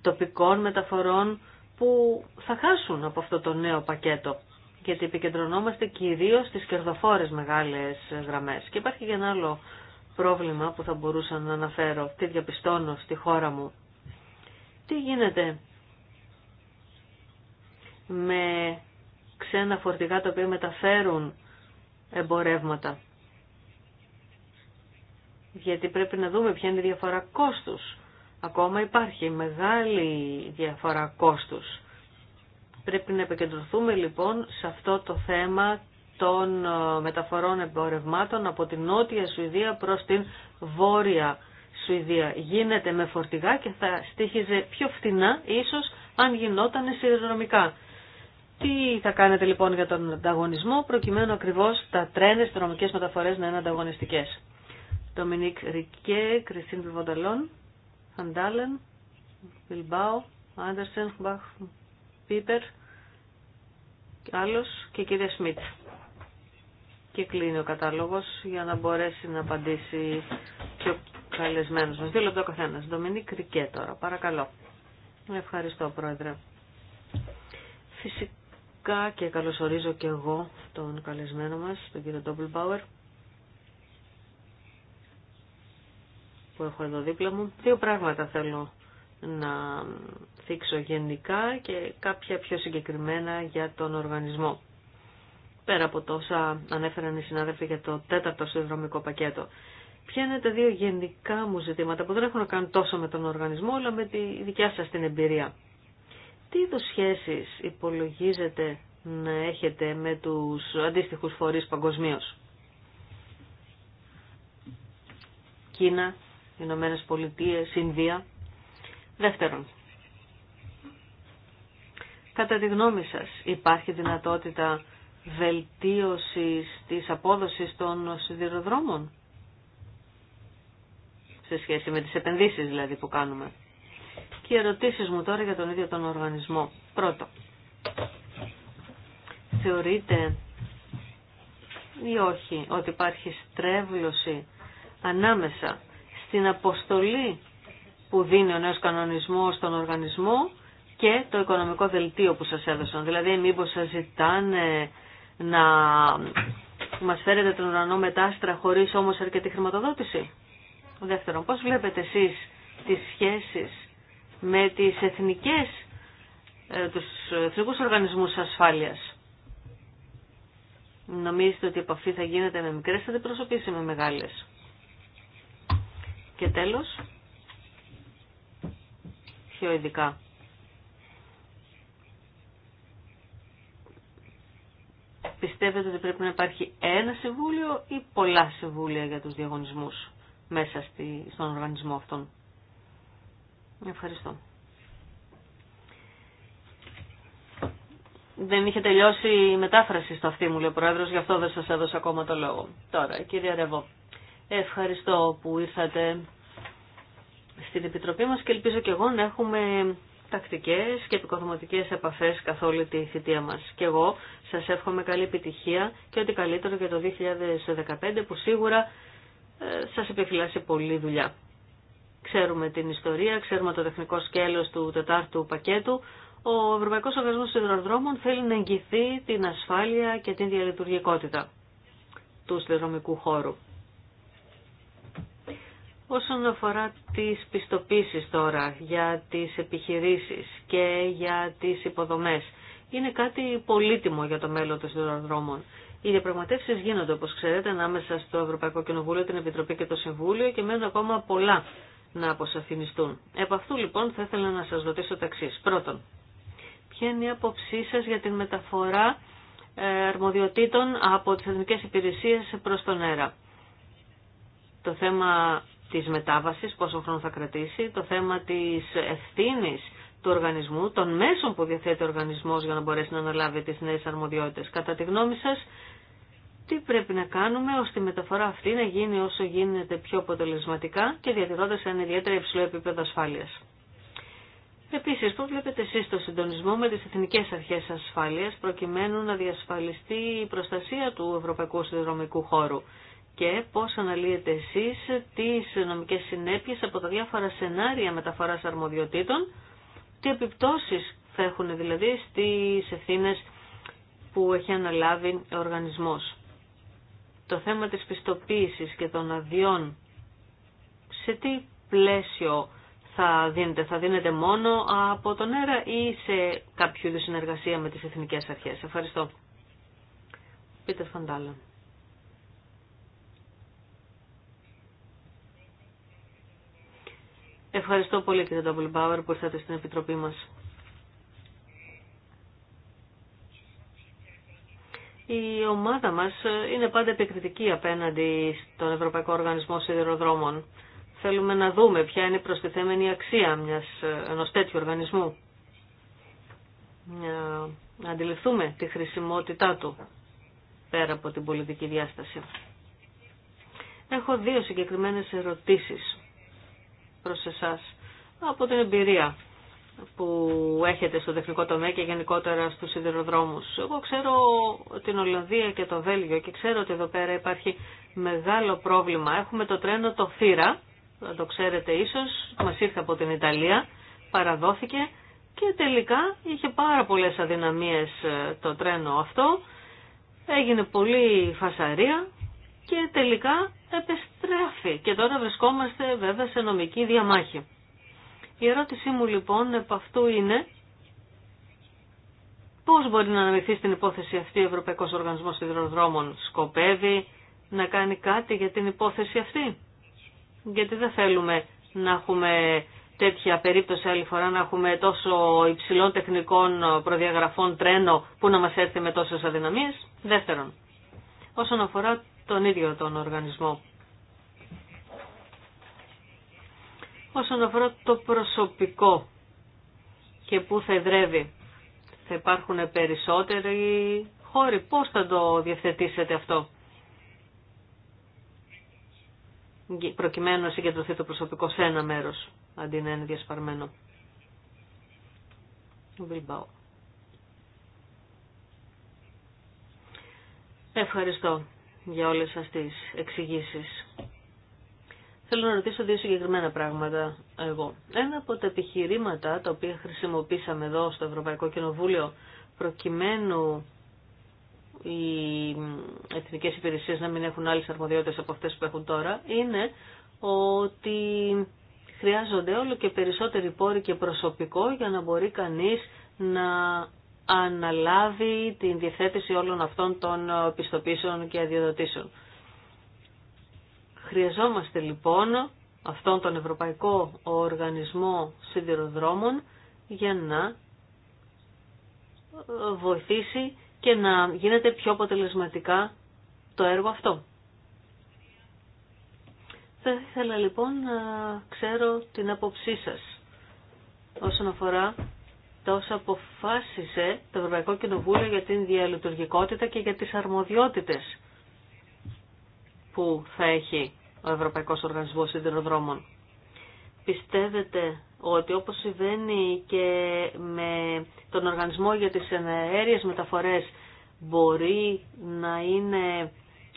τοπικών μεταφορών που θα χάσουν από αυτό το νέο πακέτο γιατί επικεντρωνόμαστε κυρίως στις κερδοφόρες μεγάλες γραμμές. Και υπάρχει και ένα άλλο πρόβλημα που θα μπορούσα να αναφέρω, τι διαπιστώνω στη χώρα μου. Τι γίνεται με ξένα φορτηγά τα οποία μεταφέρουν εμπορεύματα. Γιατί πρέπει να δούμε ποια είναι η διαφορά κόστους. Ακόμα υπάρχει μεγάλη διαφορά κόστους. Πρέπει να επικεντρωθούμε λοιπόν σε αυτό το θέμα των ε, μεταφορών εμπορευμάτων από την νότια Σουηδία προς την βόρεια Σουηδία. Γίνεται με φορτηγά και θα στήχιζε πιο φτηνά ίσως αν γινόταν σιδηροδρομικά. Τι θα κάνετε λοιπόν για τον ανταγωνισμό προκειμένου ακριβώς τα τρένε στις δρομικές μεταφορές να είναι ανταγωνιστικές. Ντομινίκ Ρικέ, Κριστίν Βιβονταλόν, Φαντάλεν, Βιλμπάο, Άντερσεν, Μπαχ, Πίπερ, άλλος και κυρία Σμιτ. Και κλείνει ο κατάλογος για να μπορέσει να απαντήσει και ο καλεσμένος μας. Δύο λεπτά καθένας. Ντομινίκ Ρικέ τώρα, παρακαλώ. Ευχαριστώ πρόεδρε και καλωσορίζω και εγώ τον καλεσμένο μας, τον κύριο Ντόμπλμπάουερ, που έχω εδώ δίπλα μου. Δύο πράγματα θέλω να θίξω γενικά και κάποια πιο συγκεκριμένα για τον οργανισμό. Πέρα από τόσα ανέφεραν οι συνάδελφοι για το τέταρτο συνδρομικό πακέτο. Ποια είναι τα δύο γενικά μου ζητήματα που δεν έχουν να κάνουν τόσο με τον οργανισμό, αλλά με τη δικιά σας την εμπειρία τι είδους σχέσεις υπολογίζετε να έχετε με τους αντίστοιχους φορείς παγκοσμίω. Κίνα, Ηνωμένε Πολιτείε, Ινδία. Δεύτερον, κατά τη γνώμη σας υπάρχει δυνατότητα βελτίωσης της απόδοσης των σιδηροδρόμων σε σχέση με τις επενδύσεις δηλαδή που κάνουμε. Και ερωτήσεις μου τώρα για τον ίδιο τον οργανισμό. Πρώτο, θεωρείτε ή όχι ότι υπάρχει στρέβλωση ανάμεσα στην αποστολή που δίνει ο νέος κανονισμός στον οργανισμό και το οικονομικό δελτίο που σας έδωσαν. Δηλαδή μήπως σας ζητάνε να μας φέρετε τον ουρανό μετάστρα χωρίς όμως αρκετή χρηματοδότηση. Δεύτερον, πώς βλέπετε εσείς τις σχέσεις με τις εθνικές, ε, τους εθνικούς οργανισμούς ασφάλειας. Νομίζετε ότι η επαφή θα γίνεται με μικρές αντιπροσωπείς ή με μεγάλες. Και τέλος, πιο ειδικά. Πιστεύετε ότι πρέπει να υπάρχει ένα συμβούλιο ή πολλά συμβούλια για τους διαγωνισμούς μέσα στον οργανισμό αυτόν. Ευχαριστώ. Δεν είχε τελειώσει η μετάφραση στο αυτή μου, λέει ο Πρόεδρο, γι' αυτό δεν σα έδωσα ακόμα το λόγο. Τώρα, κύριε Ρεβό, ευχαριστώ που ήρθατε στην Επιτροπή μας και ελπίζω και εγώ να έχουμε τακτικές και επικοδομητικές επαφές καθ' όλη τη θητεία μας. Και εγώ σας εύχομαι καλή επιτυχία και ότι καλύτερο για το 2015 που σίγουρα ε, σας επιφυλάσσει πολλή δουλειά. Ξέρουμε την ιστορία, ξέρουμε το τεχνικό σκέλος του τετάρτου πακέτου. Ο Ευρωπαϊκός Οργανισμός Σιδηροδρόμων θέλει να εγγυθεί την ασφάλεια και την διαλειτουργικότητα του σιδηροδρομικού χώρου. Όσον αφορά τις πιστοποίησεις τώρα για τις επιχειρήσεις και για τις υποδομές, είναι κάτι πολύτιμο για το μέλλον των σιδηροδρόμων. Οι διαπραγματεύσει γίνονται, όπω ξέρετε, ανάμεσα στο Ευρωπαϊκό Κοινοβούλιο, την Επιτροπή και το Συμβούλιο και μένουν ακόμα πολλά να αποσαφινιστούν. Επ' αυτού λοιπόν θα ήθελα να σας ρωτήσω τα Πρώτον, ποια είναι η άποψή σας για την μεταφορά ε, αρμοδιοτήτων από τις εθνικές υπηρεσίες προς τον αέρα. Το θέμα της μετάβασης, πόσο χρόνο θα κρατήσει, το θέμα της ευθύνη του οργανισμού, των μέσων που διαθέτει ο οργανισμός για να μπορέσει να αναλάβει τις νέες αρμοδιότητες. Κατά τη γνώμη σας, τι πρέπει να κάνουμε ώστε η μεταφορά αυτή να γίνει όσο γίνεται πιο αποτελεσματικά και διατηρώντας ένα ιδιαίτερα υψηλό επίπεδο ασφάλειας. Επίσης, πώς βλέπετε εσείς το συντονισμό με τις εθνικές αρχές ασφάλειας προκειμένου να διασφαλιστεί η προστασία του ευρωπαϊκού συνδρομικού χώρου και πώς αναλύετε εσείς τις νομικές συνέπειες από τα διάφορα σενάρια μεταφοράς αρμοδιοτήτων, τι επιπτώσεις θα έχουν δηλαδή στις ευθύνε που έχει αναλάβει ο οργανισμός το θέμα της πιστοποίησης και των αδειών σε τι πλαίσιο θα δίνεται, θα δίνεται μόνο από τον ΕΡΑ ή σε κάποιο είδου συνεργασία με τις εθνικές αρχές. Ευχαριστώ. Πίτερ Φαντάλλα. Ευχαριστώ πολύ κύριε Μπάουερ που ήρθατε στην Επιτροπή μας. Η ομάδα μας είναι πάντα επικριτική απέναντι στον Ευρωπαϊκό Οργανισμό Σιδηροδρόμων. Θέλουμε να δούμε ποια είναι η προστιθέμενη αξία μιας, ενός τέτοιου οργανισμού. Να αντιληφθούμε τη χρησιμότητά του πέρα από την πολιτική διάσταση. Έχω δύο συγκεκριμένες ερωτήσεις προς εσάς από την εμπειρία που έχετε στο τεχνικό τομέα και γενικότερα στους σιδηροδρόμους. Εγώ ξέρω την Ολλανδία και το Βέλγιο και ξέρω ότι εδώ πέρα υπάρχει μεγάλο πρόβλημα. Έχουμε το τρένο το Θύρα, το ξέρετε ίσως, μας ήρθε από την Ιταλία, παραδόθηκε και τελικά είχε πάρα πολλές αδυναμίες ε, το τρένο αυτό. Έγινε πολύ φασαρία και τελικά επεστρέφει και τώρα βρισκόμαστε βέβαια σε νομική διαμάχη. Η ερώτησή μου λοιπόν από αυτού είναι πώς μπορεί να αναμειχθεί στην υπόθεση αυτή ο Ευρωπαϊκός Οργανισμός Σιδηροδρόμων. Σκοπεύει να κάνει κάτι για την υπόθεση αυτή. Γιατί δεν θέλουμε να έχουμε τέτοια περίπτωση άλλη φορά να έχουμε τόσο υψηλών τεχνικών προδιαγραφών τρένο που να μας έρθει με τόσες αδυναμίες. Δεύτερον, όσον αφορά τον ίδιο τον οργανισμό. όσον αφορά το προσωπικό και πού θα εδρεύει. Θα υπάρχουν περισσότεροι χώροι. Πώς θα το διευθετήσετε αυτό. Προκειμένου να συγκεντρωθεί το προσωπικό σε ένα μέρος, αντί να είναι διασπαρμένο. Ευχαριστώ για όλες σας τις εξηγήσεις. Θέλω να ρωτήσω δύο συγκεκριμένα πράγματα εγώ. Ένα από τα επιχειρήματα τα οποία χρησιμοποίησαμε εδώ στο Ευρωπαϊκό Κοινοβούλιο προκειμένου οι εθνικές υπηρεσίες να μην έχουν άλλες αρμοδιότητες από αυτές που έχουν τώρα είναι ότι χρειάζονται όλο και περισσότεροι πόροι και προσωπικό για να μπορεί κανείς να αναλάβει την διαθέτηση όλων αυτών των πιστοποίησεων και αδειοδοτήσεων. Χρειαζόμαστε λοιπόν αυτόν τον Ευρωπαϊκό Οργανισμό Σιδηροδρόμων για να ε, βοηθήσει και να γίνεται πιο αποτελεσματικά το έργο αυτό. Θα ήθελα λοιπόν να ξέρω την άποψή σας όσον αφορά τα όσα αποφάσισε το Ευρωπαϊκό Κοινοβούλιο για την διαλειτουργικότητα και για τις αρμοδιότητες που θα έχει ο Ευρωπαϊκός Οργανισμός Σιδηροδρόμων. Πιστεύετε ότι όπως συμβαίνει και με τον Οργανισμό για τις Εναέριες Μεταφορές μπορεί να είναι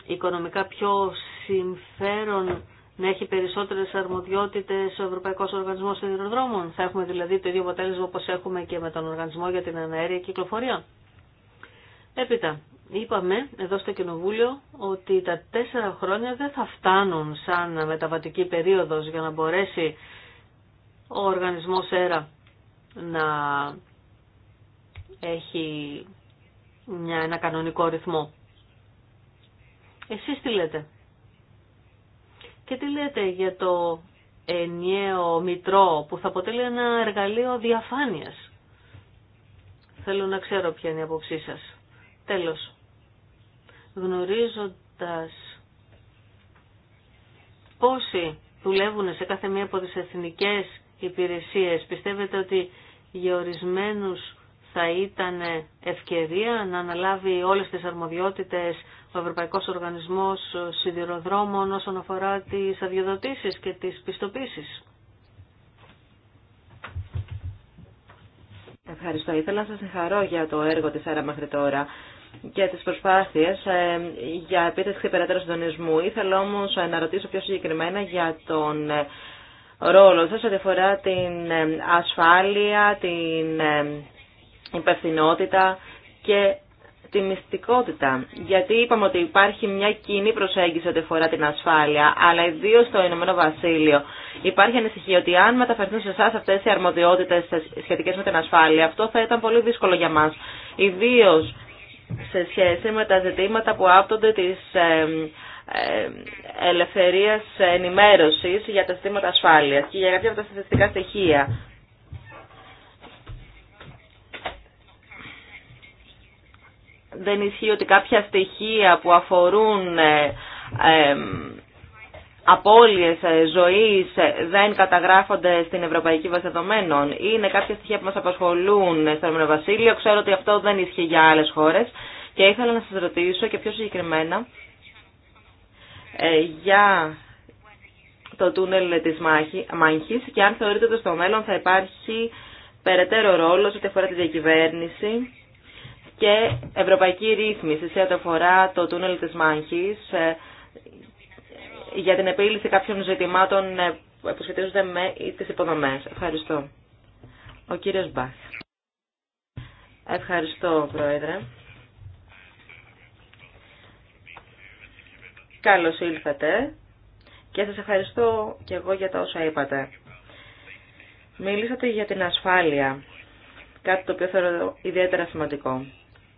οικονομικά πιο συμφέρον να έχει περισσότερες αρμοδιότητες ο Ευρωπαϊκός Οργανισμός Σιδηροδρόμων. Θα έχουμε δηλαδή το ίδιο αποτέλεσμα όπως έχουμε και με τον Οργανισμό για την και Κυκλοφορία. Έπειτα, είπαμε εδώ στο Κοινοβούλιο ότι τα τέσσερα χρόνια δεν θα φτάνουν σαν μεταβατική περίοδος για να μπορέσει ο οργανισμός ΕΡΑ να έχει μια, ένα κανονικό ρυθμό. Εσείς τι λέτε. Και τι λέτε για το ενιαίο μητρό που θα αποτελεί ένα εργαλείο διαφάνειας. Θέλω να ξέρω ποια είναι η απόψή σας. Τέλος γνωρίζοντας πόσοι δουλεύουν σε κάθε μία από τις εθνικές υπηρεσίες, πιστεύετε ότι για θα ήταν ευκαιρία να αναλάβει όλες τις αρμοδιότητες ο Ευρωπαϊκός Οργανισμός Σιδηροδρόμων όσον αφορά τις αδειοδοτήσεις και τις πιστοποίησεις. Ευχαριστώ. Ήθελα να σας συγχαρώ για το έργο της άρα μέχρι τώρα για τις προσπάθειες ε, για επίτευξη περαιτέρω συντονισμού. Ήθελα όμως να ρωτήσω πιο συγκεκριμένα για τον ε, ρόλο σας ό,τι αφορά την ε, ασφάλεια, την υπευθυνότητα και τη μυστικότητα. Γιατί είπαμε ότι υπάρχει μια κοινή προσέγγιση ό,τι αφορά την ασφάλεια, αλλά ιδίω στο Ηνωμένο Βασίλειο υπάρχει ανησυχία ότι αν μεταφερθούν σε εσά αυτέ οι αρμοδιότητε σχετικέ με την ασφάλεια, αυτό θα ήταν πολύ δύσκολο για μα. Ιδίω σε σχέση με τα ζητήματα που άπτονται της ελευθερίας ενημέρωσης για τα ζητήματα ασφάλειας και για κάποια από τα στατιστικά στοιχεία. Δεν ισχύει ότι κάποια στοιχεία που αφορούν ε, απώλειες ε, ζωής ε, δεν καταγράφονται στην Ευρωπαϊκή Βάση ή Είναι κάποια στοιχεία που μας απασχολούν στο Ευρωπαϊκό Βασίλειο. Ξέρω ότι αυτό δεν ισχύει για άλλες χώρες. Και ήθελα να σας ρωτήσω και πιο συγκεκριμένα ε, για το τούνελ της Μάνχης και αν θεωρείτε ότι στο μέλλον θα υπάρχει περαιτέρω ρόλο ό,τι αφορά τη διακυβέρνηση και ευρωπαϊκή ρύθμιση σε ό,τι αφορά το τούνελ της Μάνχης για την επίλυση κάποιων ζητημάτων ε, που σχετίζονται με τις υποδομές. Ευχαριστώ. Ο κύριος Μπάχ. Ευχαριστώ, Πρόεδρε. Καλώς ήλθατε και σας ευχαριστώ και εγώ για τα όσα είπατε. Μιλήσατε για την ασφάλεια, κάτι το οποίο θεωρώ ιδιαίτερα σημαντικό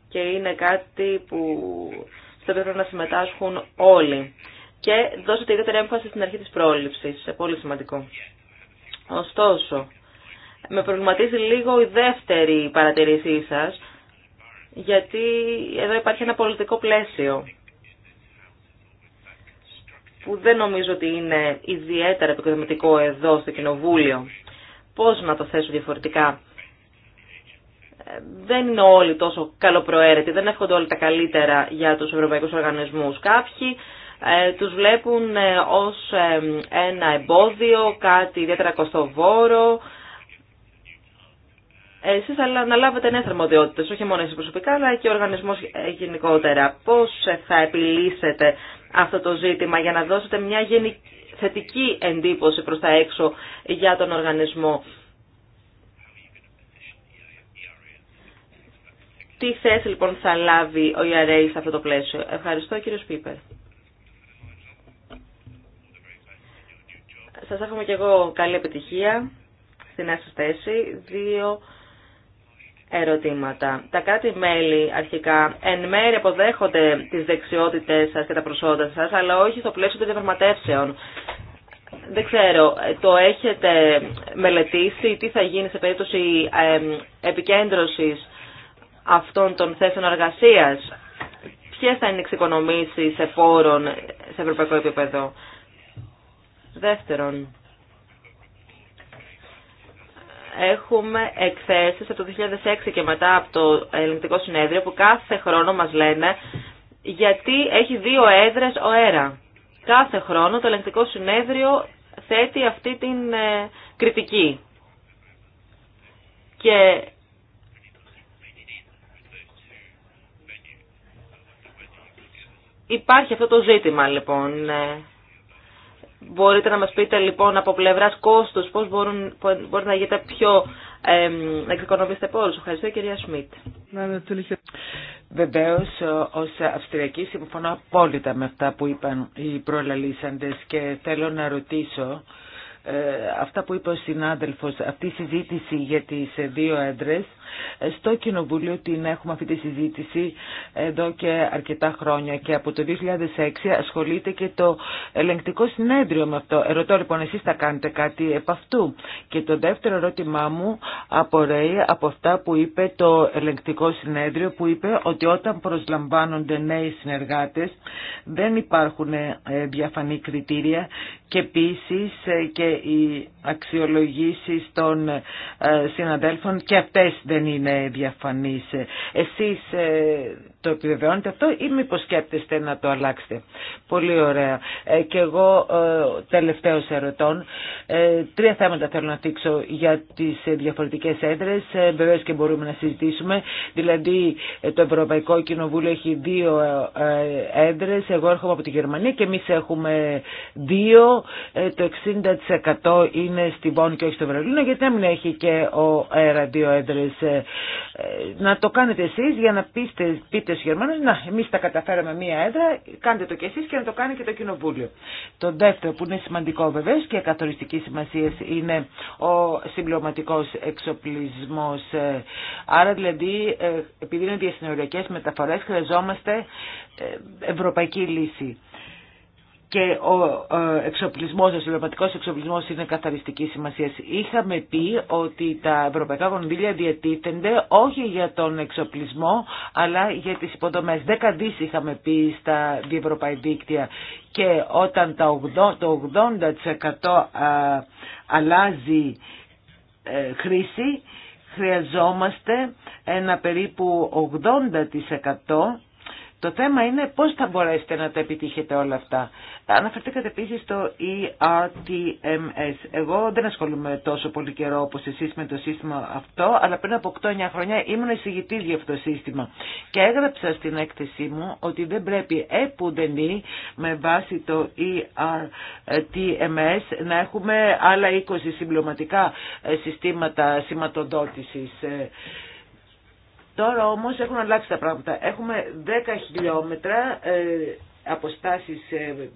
και είναι κάτι που στο οποίο πρέπει να συμμετάσχουν όλοι και δώσετε ιδιαίτερη έμφαση στην αρχή της πρόληψης. Ε, πολύ σημαντικό. Ωστόσο, με προβληματίζει λίγο η δεύτερη παρατηρήσή σας, γιατί εδώ υπάρχει ένα πολιτικό πλαίσιο που δεν νομίζω ότι είναι ιδιαίτερα επικοδομητικό εδώ στο Κοινοβούλιο. Πώς να το θέσω διαφορετικά. Δεν είναι όλοι τόσο καλοπροαίρετοι, δεν εύχονται όλοι τα καλύτερα για τους ευρωπαϊκούς οργανισμούς. Κάποιοι ε, τους βλέπουν ε, ως ε, ένα εμπόδιο, κάτι ιδιαίτερα κοστοβόρο. Εσείς αναλάβετε νέες θερμοδιότητες, όχι μόνο εσείς προσωπικά, αλλά και ο οργανισμός γενικότερα. Πώς θα επιλύσετε αυτό το ζήτημα για να δώσετε μια θετική εντύπωση προς τα έξω για τον οργανισμό. Τι θέση λοιπόν θα λάβει ο ERA σε αυτό το πλαίσιο. Ευχαριστώ κύριο Σπίπερ. Σας έχουμε και εγώ καλή επιτυχία στην νέα θέση. Δύο ερωτήματα. Τα κάτι μελη αρχικά εν μέρει αποδέχονται τις δεξιότητες σας και τα προσόντα σας, αλλά όχι στο πλαίσιο των διαπραγματεύσεων. Δεν ξέρω, το έχετε μελετήσει, τι θα γίνει σε περίπτωση επικέντρωσης αυτών των θέσεων εργασίας. Ποιε θα είναι οι εξοικονομήσεις σε φόρων σε ευρωπαϊκό επίπεδο. Δεύτερον, έχουμε εκθέσεις από το 2006 και μετά από το Ελληνικό Συνέδριο που κάθε χρόνο μας λένε γιατί έχει δύο έδρες ο ΕΡΑ. Κάθε χρόνο το Ελληνικό Συνέδριο θέτει αυτή την ε, κριτική. Και υπάρχει αυτό το ζήτημα λοιπόν ε, Μπορείτε να μας πείτε λοιπόν από πλευράς κόστους πώς μπορούν, μπορεί να γίνεται πιο ε, να εξοικονομήσετε πόρους. Ευχαριστώ κυρία Σμιτ. Ναι, ναι, Βεβαίω, ω Αυστριακή συμφωνώ απόλυτα με αυτά που είπαν οι προλαλήσαντες και θέλω να ρωτήσω ε, αυτά που είπε ο συνάδελφος, αυτή η συζήτηση για τις δύο έντρες στο Κοινοβούλιο την έχουμε αυτή τη συζήτηση εδώ και αρκετά χρόνια και από το 2006 ασχολείται και το ελεγκτικό συνέδριο με αυτό. Ερωτώ λοιπόν εσείς θα κάνετε κάτι επ' αυτού. Και το δεύτερο ερώτημά μου απορρέει από αυτά που είπε το ελεγκτικό συνέδριο που είπε ότι όταν προσλαμβάνονται νέοι συνεργάτες δεν υπάρχουν ε, διαφανή κριτήρια και επίση ε, και οι αξιολογήσεις των ε, συναδέλφων και αυτές δεν είναι διαφανής. Εσείς ε, το επιβεβαιώνετε αυτό ή μήπως σκέπτεστε να το αλλάξετε. Πολύ ωραία. Ε, και εγώ ε, τελευταίος ερωτών. Ε, τρία θέματα θέλω να δείξω για τις ε, διαφορετικές έδρες. Ε, βεβαίως και μπορούμε να συζητήσουμε. Δηλαδή ε, το Ευρωπαϊκό Κοινοβούλιο έχει δύο ε, ε, έδρες. Εγώ έρχομαι από τη Γερμανία και εμείς έχουμε δύο. το 60% είναι στη Βόν και όχι στο Βερολίνο. Γιατί να έχει και ο ΕΡΑ δύο έδρες. να το κάνετε εσείς για να πείστε, πείτε Γερμανούς, να, εμείς τα καταφέραμε μία έδρα, κάντε το και εσείς και να το κάνει και το Κοινοβούλιο. Το δεύτερο που είναι σημαντικό βεβαίως και καθοριστική σημασία είναι ο συμπληρωματικός εξοπλισμός. Ε, άρα δηλαδή, ε, επειδή είναι διασυνοριακές μεταφορές, χρειαζόμαστε ε, ευρωπαϊκή λύση και ο ε, εξοπλισμός, ο συλλογματικός εξοπλισμός είναι καθαριστική σημασία. Είχαμε πει ότι τα ευρωπαϊκά κονδύλια διατίθενται όχι για τον εξοπλισμό αλλά για τις υποδομές. Δέκα δις είχαμε πει στα διευρωπαϊκά δίκτυα και όταν το 80% αλλάζει ε, χρήση χρειαζόμαστε ένα περίπου 80% το θέμα είναι πώς θα μπορέσετε να τα επιτύχετε όλα αυτά. Αναφερθήκατε επίσης στο ERTMS. Εγώ δεν ασχολούμαι τόσο πολύ καιρό όπως εσείς με το σύστημα αυτό, αλλά πριν από 8-9 χρόνια ήμουν εισηγητή για αυτό το σύστημα. Και έγραψα στην έκθεσή μου ότι δεν πρέπει επουδενή με βάση το ERTMS να έχουμε άλλα 20 συμπληρωματικά συστήματα σηματοδότησης. Τώρα όμως έχουν αλλάξει τα πράγματα. Έχουμε 10 χιλιόμετρα ε, αποστάσεις ε,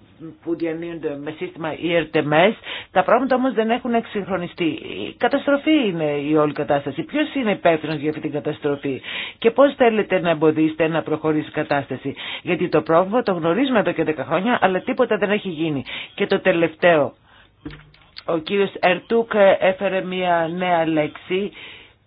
που διανύονται με σύστημα ERTMS. Τα πράγματα όμως δεν έχουν εξυγχρονιστεί. Η καταστροφή είναι η όλη κατάσταση. Ποιος είναι υπεύθυνο για αυτή την καταστροφή και πώς θέλετε να εμποδίσετε να προχωρήσει η κατάσταση. Γιατί το πρόβλημα το γνωρίζουμε εδώ και 10 χρόνια αλλά τίποτα δεν έχει γίνει. Και το τελευταίο. Ο κύριος Ερτούκ ε, έφερε μια νέα λέξη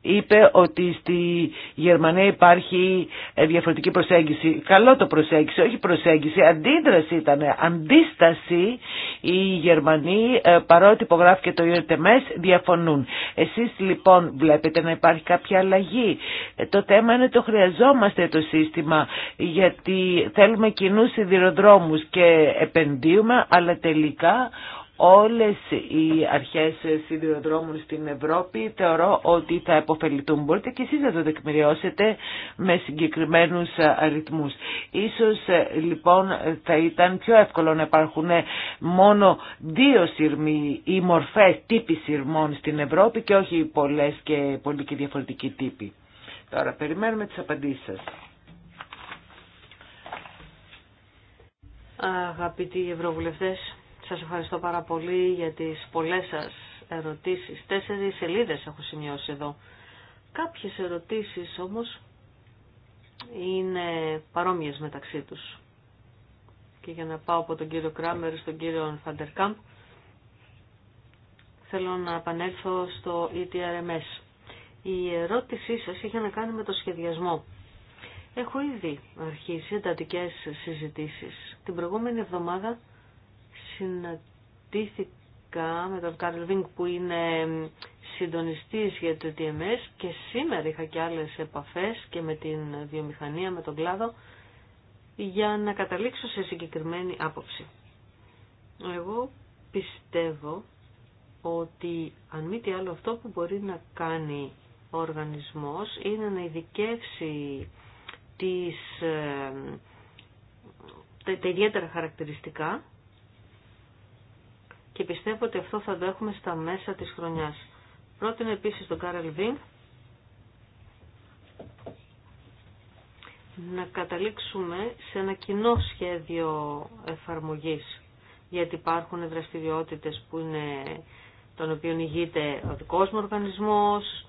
είπε ότι στη Γερμανία υπάρχει ε, διαφορετική προσέγγιση. Καλό το προσέγγιση, όχι προσέγγιση, αντίδραση ήταν, αντίσταση. Οι Γερμανοί, ε, παρότι υπογράφηκε το ΙΡΤΕΜΕΣ, διαφωνούν. Εσείς λοιπόν βλέπετε να υπάρχει κάποια αλλαγή. Ε, το θέμα είναι το χρειαζόμαστε το σύστημα, γιατί θέλουμε κοινούς σιδηροδρόμους και επενδύουμε, αλλά τελικά όλες οι αρχές σιδηροδρόμων στην Ευρώπη θεωρώ ότι θα επωφεληθούν. Μπορείτε και εσείς να το τεκμηριώσετε με συγκεκριμένους αριθμούς. Ίσως ε, λοιπόν θα ήταν πιο εύκολο να υπάρχουν ε, μόνο δύο σειρμοί ή μορφές τύποι σειρμών στην Ευρώπη και όχι πολλές και πολύ και διαφορετικοί τύποι. Τώρα περιμένουμε τις απαντήσεις σας. Αγαπητοί Ευρωβουλευτές, σας ευχαριστώ πάρα πολύ για τις πολλές σας ερωτήσεις. Τέσσερις σελίδες έχω σημειώσει εδώ. Κάποιες ερωτήσεις όμως είναι παρόμοιες μεταξύ τους. Και για να πάω από τον κύριο Κράμερ στον κύριο Φαντερκάμπ, θέλω να επανέλθω στο ETRMS. Η ερώτησή σας είχε να κάνει με το σχεδιασμό. Έχω ήδη αρχίσει εντατικέ συζητήσεις. Την προηγούμενη εβδομάδα συναντήθηκα με τον Κάρλ Βίνκ που είναι συντονιστής για το TMS και σήμερα είχα και άλλες επαφές και με την βιομηχανία, με τον κλάδο για να καταλήξω σε συγκεκριμένη άποψη. Εγώ πιστεύω ότι αν μη τι άλλο αυτό που μπορεί να κάνει ο οργανισμός είναι να ειδικεύσει τις, ε, τα, τα ιδιαίτερα χαρακτηριστικά και πιστεύω ότι αυτό θα το έχουμε στα μέσα της χρονιάς. Πρότεινε επίσης τον Κάρελ Βίνγκ να καταλήξουμε σε ένα κοινό σχέδιο εφαρμογής γιατί υπάρχουν δραστηριότητες που είναι των οποίων ηγείται ο δικός μου οργανισμός,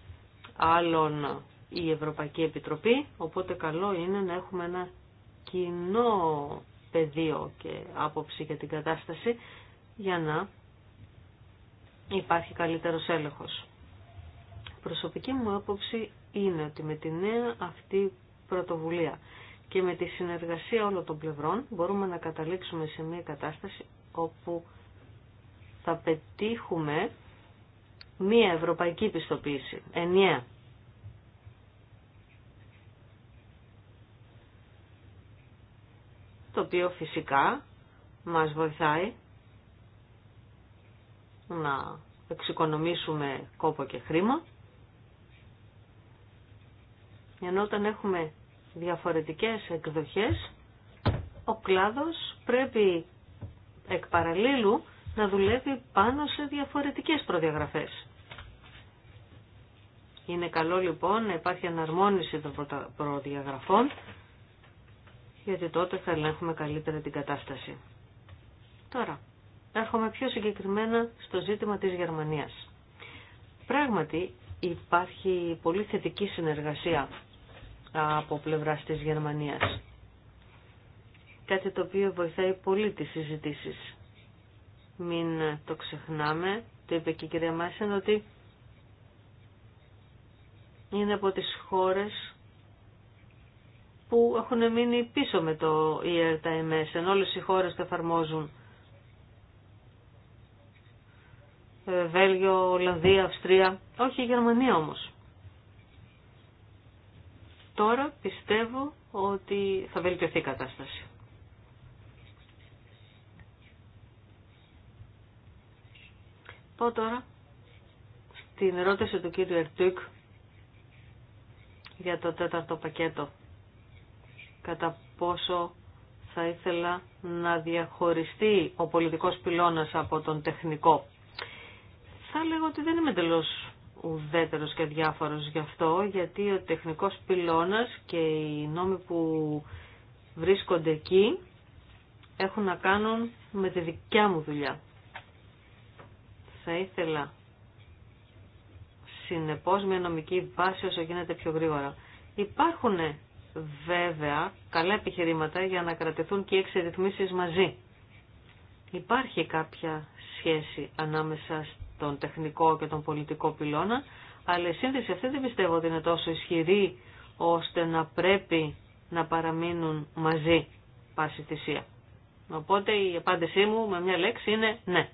άλλων η Ευρωπαϊκή Επιτροπή, οπότε καλό είναι να έχουμε ένα κοινό πεδίο και άποψη για την κατάσταση για να υπάρχει καλύτερος έλεγχος. προσωπική μου άποψη είναι ότι με τη νέα αυτή πρωτοβουλία και με τη συνεργασία όλων των πλευρών μπορούμε να καταλήξουμε σε μια κατάσταση όπου θα πετύχουμε μια ευρωπαϊκή πιστοποίηση, ενιαία. Το οποίο φυσικά μας βοηθάει να εξοικονομήσουμε κόπο και χρήμα. Ενώ όταν έχουμε διαφορετικές εκδοχές, ο κλάδος πρέπει εκ παραλίλου να δουλεύει πάνω σε διαφορετικές προδιαγραφές. Είναι καλό λοιπόν να υπάρχει αναρμόνιση των προδιαγραφών, γιατί τότε θα ελέγχουμε καλύτερα την κατάσταση. Τώρα, έρχομαι πιο συγκεκριμένα στο ζήτημα της Γερμανίας. Πράγματι υπάρχει πολύ θετική συνεργασία από πλευράς της Γερμανίας. Κάτι το οποίο βοηθάει πολύ τις συζητήσεις. Μην το ξεχνάμε, το είπε και η κυρία Μάσεν, ότι είναι από τις χώρες που έχουν μείνει πίσω με το ERTMS, ενώ όλες οι χώρες το εφαρμόζουν. Βέλγιο, Ολλανδία, Αυστρία. Όχι η Γερμανία όμως. Τώρα πιστεύω ότι θα βελτιωθεί η κατάσταση. Πώ τώρα στην ερώτηση του κύριου Ερτούκ για το τέταρτο πακέτο. Κατά πόσο θα ήθελα να διαχωριστεί ο πολιτικός πυλώνας από τον τεχνικό θα λέγω ότι δεν είμαι εντελώ ουδέτερος και διάφορος γι' αυτό, γιατί ο τεχνικός πυλώνας και οι νόμοι που βρίσκονται εκεί έχουν να κάνουν με τη δικιά μου δουλειά. Θα ήθελα συνεπώς μια νομική βάση όσο γίνεται πιο γρήγορα. Υπάρχουν βέβαια καλά επιχειρήματα για να κρατηθούν και οι έξι μαζί. Υπάρχει κάποια σχέση ανάμεσα τον τεχνικό και τον πολιτικό πυλώνα, αλλά η σύνδεση αυτή δεν πιστεύω ότι είναι τόσο ισχυρή ώστε να πρέπει να παραμείνουν μαζί πάση θυσία. Οπότε η απάντησή μου με μια λέξη είναι ναι.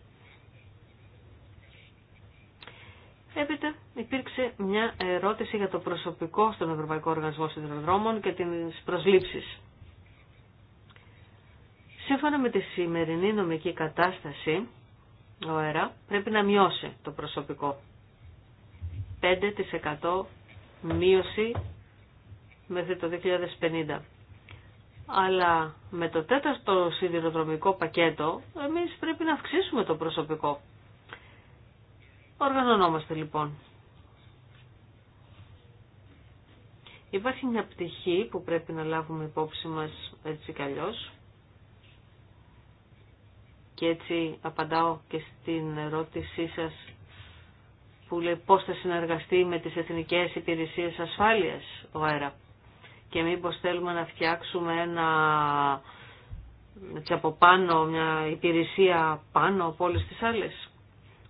Έπειτα υπήρξε μια ερώτηση για το προσωπικό στον Ευρωπαϊκό Οργανισμό Συνδρομών και τις προσλήψεις. Σύμφωνα με τη σημερινή νομική κατάσταση, ο πρέπει να μειώσει το προσωπικό. 5% μείωση μέχρι το 2050. Αλλά με το τέταρτο σιδηροδρομικό πακέτο εμείς πρέπει να αυξήσουμε το προσωπικό. Οργανωνόμαστε λοιπόν. Υπάρχει μια πτυχή που πρέπει να λάβουμε υπόψη μας έτσι κι αλλιώς. Και έτσι απαντάω και στην ερώτησή σας που λέει πώς θα συνεργαστεί με τις Εθνικές Υπηρεσίες Ασφάλειας ο ΑΕΡΑ και μήπως θέλουμε να φτιάξουμε ένα από πάνω, μια υπηρεσία πάνω από όλες τις άλλες.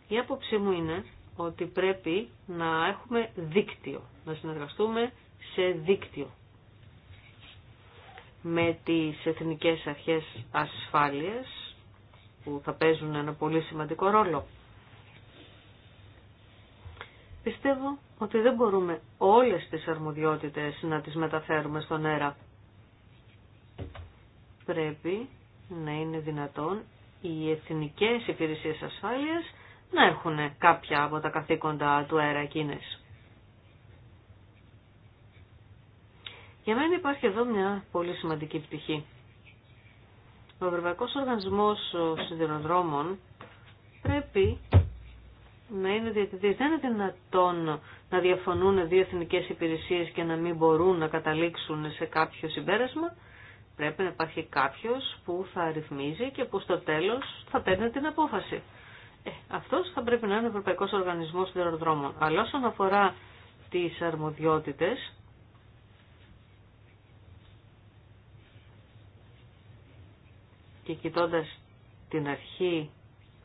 Η άποψή μου είναι ότι πρέπει να έχουμε δίκτυο, να συνεργαστούμε σε δίκτυο με τις Εθνικές Αρχές Ασφάλειας που θα παίζουν ένα πολύ σημαντικό ρόλο. Πιστεύω ότι δεν μπορούμε όλες τις αρμοδιότητες να τις μεταφέρουμε στον αέρα. Πρέπει να είναι δυνατόν οι εθνικές υπηρεσίες ασφάλειας να έχουν κάποια από τα καθήκοντα του αέρα εκείνες. Για μένα υπάρχει εδώ μια πολύ σημαντική πτυχή. Ο Ευρωπαϊκό Οργανισμός Σιδηροδρόμων πρέπει να είναι διατηρητή. Δεν είναι δυνατόν να διαφωνούν δύο εθνικέ υπηρεσίες και να μην μπορούν να καταλήξουν σε κάποιο συμπέρασμα. Πρέπει να υπάρχει κάποιος που θα ρυθμίζει και που στο τέλος θα παίρνει την απόφαση. Ε, αυτός θα πρέπει να είναι ο Ευρωπαϊκό Οργανισμός Σιδηροδρόμων. Αλλά όσον αφορά τι αρμοδιότητε. και κοιτώντας την αρχή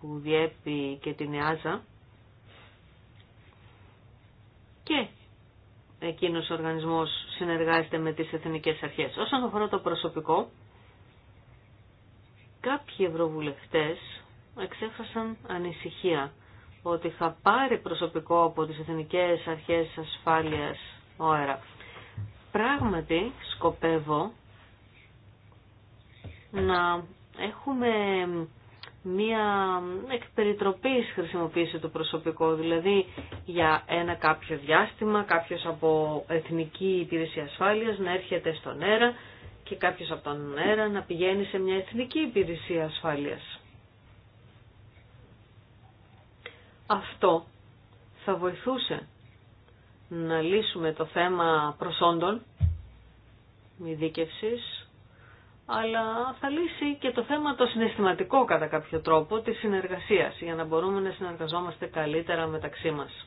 που διέπει και την ΕΑΖΑ και εκείνος ο οργανισμός συνεργάζεται με τις εθνικές αρχές. Όσον αφορά το προσωπικό, κάποιοι ευρωβουλευτές εξέφρασαν ανησυχία ότι θα πάρει προσωπικό από τις εθνικές αρχές ασφάλειας ώρα. Πράγματι σκοπεύω να έχουμε μία εκπεριτροπής χρησιμοποίηση του προσωπικού, δηλαδή για ένα κάποιο διάστημα κάποιος από Εθνική Υπηρεσία Ασφάλειας να έρχεται στον αέρα και κάποιος από τον αέρα να πηγαίνει σε μια Εθνική Υπηρεσία Ασφάλειας. Αυτό θα βοηθούσε να λύσουμε το θέμα προσόντων μη αλλά θα λύσει και το θέμα το συναισθηματικό κατά κάποιο τρόπο της συνεργασίας για να μπορούμε να συνεργαζόμαστε καλύτερα μεταξύ μας.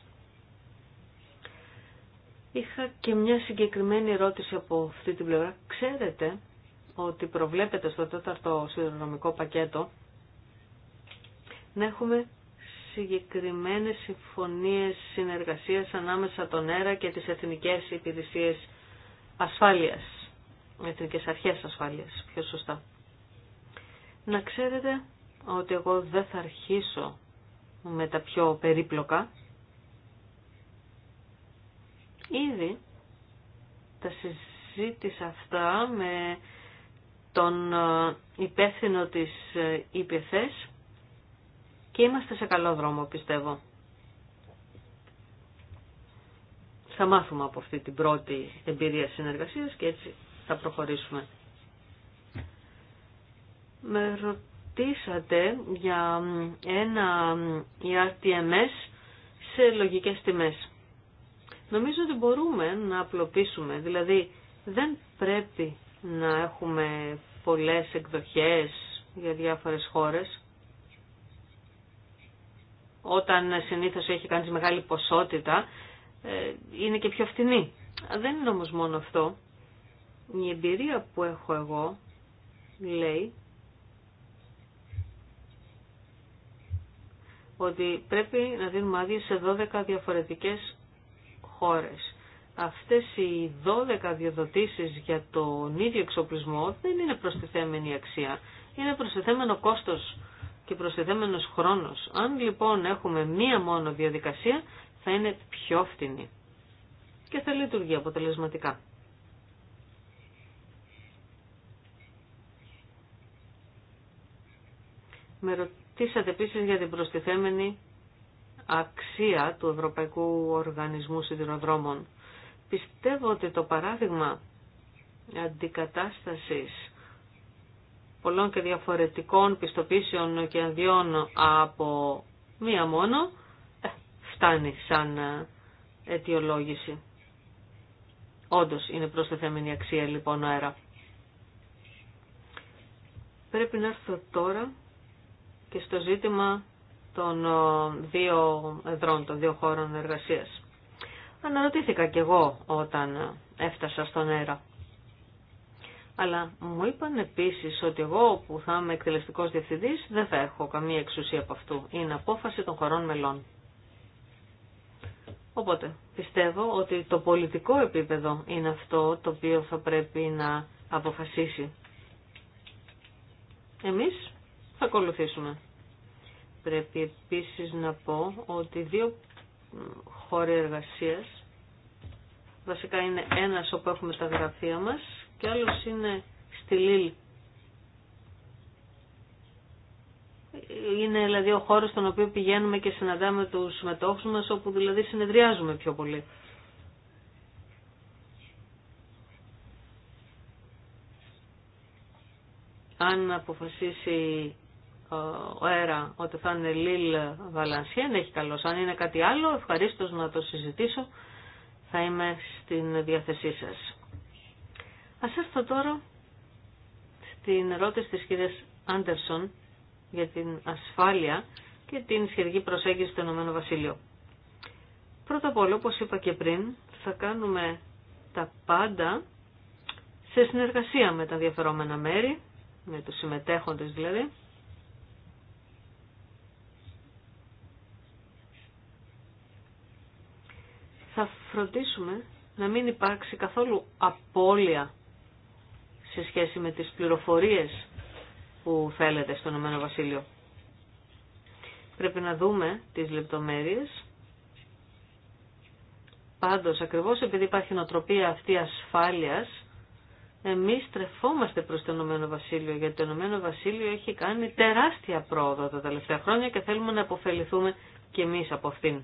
Είχα και μια συγκεκριμένη ερώτηση από αυτή την πλευρά. Ξέρετε ότι προβλέπετε στο τέταρτο συνδρομικό πακέτο να έχουμε συγκεκριμένες συμφωνίες συνεργασίας ανάμεσα τον ΕΡΑ και τις Εθνικές Υπηρεσίες Ασφάλειας εθνικές αρχές ασφάλειας, πιο σωστά. Να ξέρετε ότι εγώ δεν θα αρχίσω με τα πιο περίπλοκα. Ήδη τα συζήτησα αυτά με τον ε, υπεύθυνο της ΥΠΕΘΕΣ ε, και είμαστε σε καλό δρόμο πιστεύω. Θα μάθουμε από αυτή την πρώτη εμπειρία συνεργασίας και έτσι θα προχωρήσουμε. Με ρωτήσατε για ένα ERTMS σε λογικές τιμές. Νομίζω ότι μπορούμε να απλοποιήσουμε, δηλαδή δεν πρέπει να έχουμε πολλές εκδοχές για διάφορες χώρες. Όταν συνήθως έχει κάνει μεγάλη ποσότητα, ε, είναι και πιο φτηνή. Δεν είναι όμως μόνο αυτό. Η εμπειρία που έχω εγώ λέει ότι πρέπει να δίνουμε άδειε σε 12 διαφορετικές χώρες. Αυτές οι 12 διοδοτήσεις για τον ίδιο εξοπλισμό δεν είναι προστιθέμενη αξία. Είναι προστιθέμενο κόστος και προστιθέμενος χρόνος. Αν λοιπόν έχουμε μία μόνο διαδικασία θα είναι πιο φτηνή και θα λειτουργεί αποτελεσματικά. Με ρωτήσατε επίσης για την προστιθέμενη αξία του Ευρωπαϊκού Οργανισμού Σιδηροδρόμων. Πιστεύω ότι το παράδειγμα αντικατάστασης πολλών και διαφορετικών πιστοποίησεων και αδειών από μία μόνο ε, φτάνει σαν ε, αιτιολόγηση. Όντως είναι προστιθέμενη αξία λοιπόν αέρα. Πρέπει να έρθω τώρα και στο ζήτημα των ε, δύο εδρών, των δύο χώρων εργασίας. Αναρωτήθηκα κι εγώ όταν ε, έφτασα στον αέρα. Αλλά μου είπαν επίσης ότι εγώ που θα είμαι εκτελεστικός διευθυντής δεν θα έχω καμία εξουσία από αυτού. Είναι απόφαση των χωρών μελών. Οπότε πιστεύω ότι το πολιτικό επίπεδο είναι αυτό το οποίο θα πρέπει να αποφασίσει. Εμείς θα ακολουθήσουμε. Πρέπει επίσης να πω ότι δύο χώροι εργασίας, βασικά είναι ένας όπου έχουμε τα γραφεία μας και άλλος είναι στη Λίλ. Είναι δηλαδή ο χώρος στον οποίο πηγαίνουμε και συναντάμε τους συμμετόχους μας, όπου δηλαδή συνεδριάζουμε πιο πολύ. Αν αποφασίσει ο αέρα ότι θα είναι Λίλ Βαλανσιέν, έχει καλώ. Αν είναι κάτι άλλο, ευχαρίστω να το συζητήσω. Θα είμαι στην διάθεσή σα. Ας έρθω τώρα στην ερώτηση τη κύρια Άντερσον για την ασφάλεια και την σχετική προσέγγιση του Ηνωμένο Βασίλειο. Πρώτα απ' όλα, όπως είπα και πριν, θα κάνουμε τα πάντα σε συνεργασία με τα διαφερόμενα μέρη, με τους συμμετέχοντες δηλαδή, θα φροντίσουμε να μην υπάρξει καθόλου απώλεια σε σχέση με τις πληροφορίες που θέλετε στον Ηνωμένο Βασίλειο. Πρέπει να δούμε τις λεπτομέρειες. Πάντως, ακριβώς επειδή υπάρχει νοτροπία αυτή ασφάλειας, εμείς τρεφόμαστε προς το Ηνωμένο Βασίλειο, γιατί το Ηνωμένο Βασίλειο έχει κάνει τεράστια πρόοδο τα τελευταία χρόνια και θέλουμε να αποφεληθούμε και εμείς από αυτήν.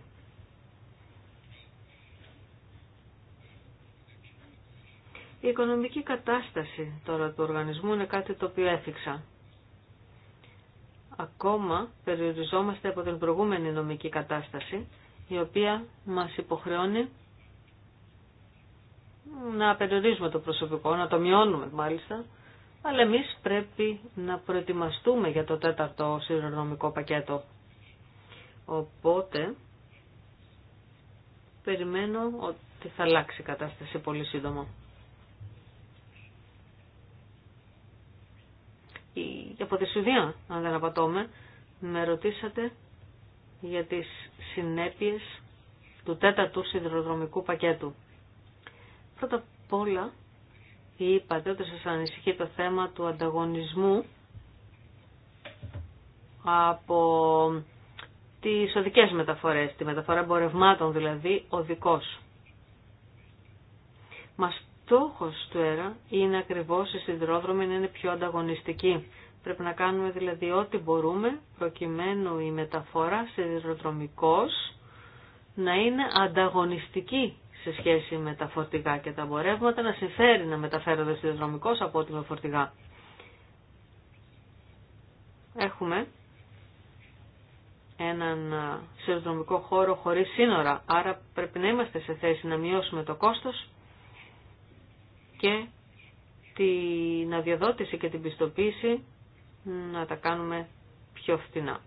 Η οικονομική κατάσταση τώρα του οργανισμού είναι κάτι το οποίο έφυξα. Ακόμα περιοριζόμαστε από την προηγούμενη νομική κατάσταση, η οποία μας υποχρεώνει να περιορίζουμε το προσωπικό, να το μειώνουμε μάλιστα, αλλά εμείς πρέπει να προετοιμαστούμε για το τέταρτο συνεργονομικό πακέτο. Οπότε, περιμένω ότι θα αλλάξει η κατάσταση πολύ σύντομα. Και από τη Σουηδία, αν δεν απατώμε, με ρωτήσατε για τις συνέπειες του τέταρτου σιδηροδρομικού πακέτου. Πρώτα απ' όλα είπατε ότι σας ανησυχεί το θέμα του ανταγωνισμού από τις οδικές μεταφορές, τη μεταφορά εμπορευμάτων δηλαδή οδικός. Μας στόχος του ΕΡΑ είναι ακριβώς οι σιδηρόδρομοι να είναι πιο ανταγωνιστική. Πρέπει να κάνουμε δηλαδή ό,τι μπορούμε προκειμένου η μεταφορά σιδηροδρομικός να είναι ανταγωνιστική σε σχέση με τα φορτηγά και τα εμπορεύματα να συμφέρει να μεταφέρονται σιδηροδρομικός από ό,τι με φορτηγά. Έχουμε έναν σιδηροδρομικό χώρο χωρίς σύνορα, άρα πρέπει να είμαστε σε θέση να μειώσουμε το κόστος και την αδειοδότηση και την πιστοποίηση να τα κάνουμε πιο φθηνά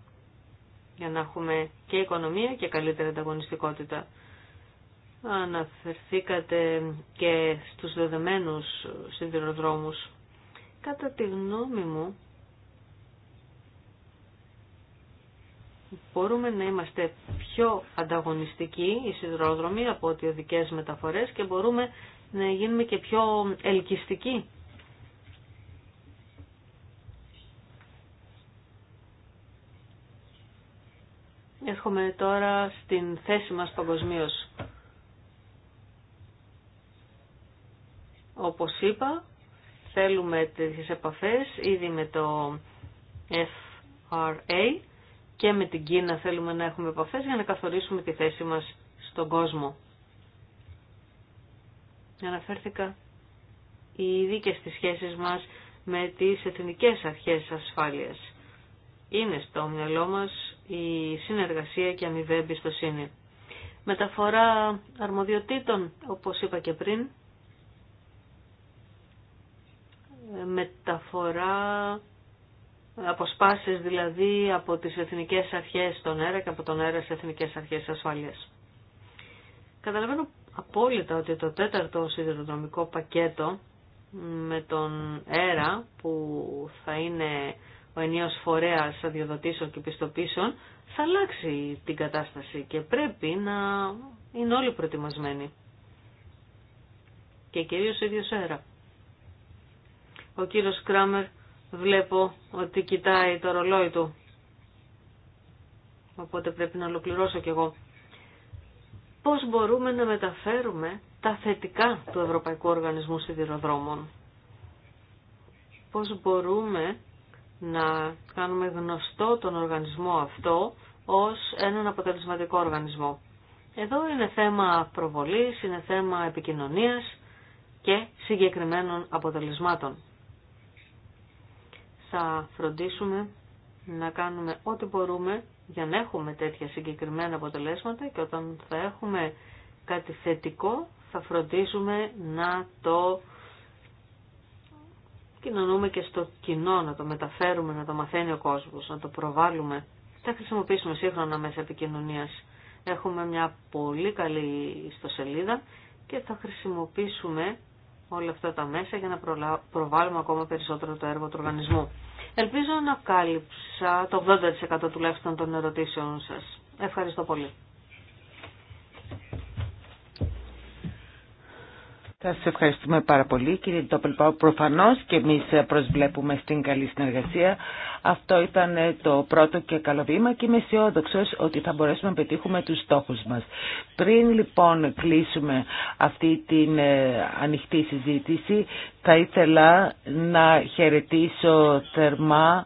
για να έχουμε και οικονομία και καλύτερη ανταγωνιστικότητα. Αναφερθήκατε και στους δεδεμένους σιδηροδρόμους. Κατά τη γνώμη μου, μπορούμε να είμαστε πιο ανταγωνιστικοί οι σιδηρόδρομοι από ότι οδικές μεταφορές και μπορούμε να γίνουμε και πιο ελκυστικοί. Έρχομαι τώρα στην θέση μας παγκοσμίω. Όπως είπα, θέλουμε τις επαφές ήδη με το FRA και με την Κίνα θέλουμε να έχουμε επαφές για να καθορίσουμε τη θέση μας στον κόσμο αναφέρθηκα οι και στις σχέσεις μας με τις εθνικές αρχές ασφάλειας. Είναι στο μυαλό μας η συνεργασία και αμοιβή εμπιστοσύνη. Μεταφορά αρμοδιοτήτων, όπως είπα και πριν, μεταφορά αποσπάσεις δηλαδή από τις εθνικές αρχές στον αέρα και από τον αέρα στις εθνικές αρχές ασφάλειας. Καταλαβαίνω απόλυτα ότι το τέταρτο σιδηροδρομικό πακέτο με τον ΕΡΑ που θα είναι ο ενίος φορέας αδειοδοτήσεων και πιστοποίησεων θα αλλάξει την κατάσταση και πρέπει να είναι όλοι προετοιμασμένοι. Και κυρίως ο ίδιος αέρα. Ο κύριος Κράμερ βλέπω ότι κοιτάει το ρολόι του. Οπότε πρέπει να ολοκληρώσω κι εγώ πώς μπορούμε να μεταφέρουμε τα θετικά του Ευρωπαϊκού Οργανισμού Σιδηροδρόμων. Πώς μπορούμε να κάνουμε γνωστό τον οργανισμό αυτό ως έναν αποτελεσματικό οργανισμό. Εδώ είναι θέμα προβολής, είναι θέμα επικοινωνίας και συγκεκριμένων αποτελεσμάτων. Θα φροντίσουμε να κάνουμε ό,τι μπορούμε για να έχουμε τέτοια συγκεκριμένα αποτελέσματα και όταν θα έχουμε κάτι θετικό θα φροντίζουμε να το κοινωνούμε και στο κοινό, να το μεταφέρουμε, να το μαθαίνει ο κόσμος, να το προβάλλουμε. Θα χρησιμοποιήσουμε σύγχρονα μέσα επικοινωνίας. Έχουμε μια πολύ καλή ιστοσελίδα και θα χρησιμοποιήσουμε όλα αυτά τα μέσα για να προβάλλουμε ακόμα περισσότερο το έργο του οργανισμού. Ελπίζω να κάλυψα το 80% τουλάχιστον των ερωτήσεων σας. Ευχαριστώ πολύ. Θα σας ευχαριστούμε πάρα πολύ κύριε Ντόπελπαου. Προφανώς και εμείς προσβλέπουμε στην καλή συνεργασία. Αυτό ήταν το πρώτο και καλό βήμα και είμαι αισιόδοξο ότι θα μπορέσουμε να πετύχουμε τους στόχους μας. Πριν λοιπόν κλείσουμε αυτή την ε, ανοιχτή συζήτηση θα ήθελα να χαιρετήσω θερμά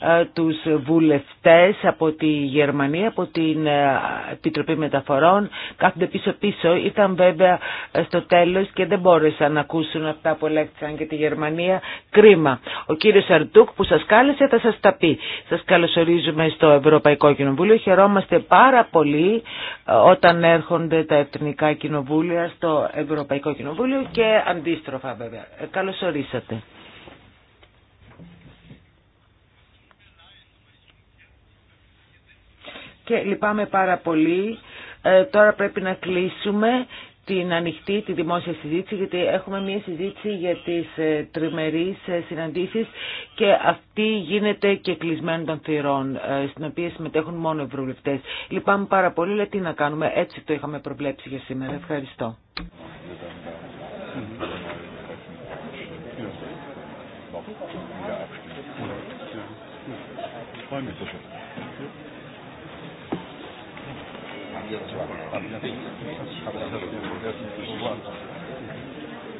ε, τους βουλευτές από τη Γερμανία, από την ε, Επιτροπή Μεταφορών. Κάθονται πίσω-πίσω. Ήταν βέβαια ε, στο τέλος και δεν μπόρεσαν να ακούσουν αυτά που ελέγχθησαν και τη Γερμανία. Κρίμα. Ο κύριος Αρτούκ που σας κάλεσε θα σας τα πει. Σας καλωσορίζουμε στο Ευρωπαϊκό Κοινοβούλιο. Χαιρόμαστε πάρα πολύ όταν έρχονται τα Εθνικά Κοινοβούλια στο Ευρωπαϊκό Κοινοβούλιο και αντίστροφα βέβαια. Καλωσορίσατε. και λυπάμαι πάρα πολύ. Ε, τώρα πρέπει να κλείσουμε την ανοιχτή, τη δημόσια συζήτηση, γιατί έχουμε μία συζήτηση για τις ε, τριμερείς ε, συναντήσεις και αυτή γίνεται και κλεισμένη των θυρών, ε, στην οποία συμμετέχουν μόνο ευρωβουλευτές. Λυπάμαι πάρα πολύ, αλλά τι να κάνουμε, έτσι το είχαμε προβλέψει για σήμερα. Ευχαριστώ. tu vois.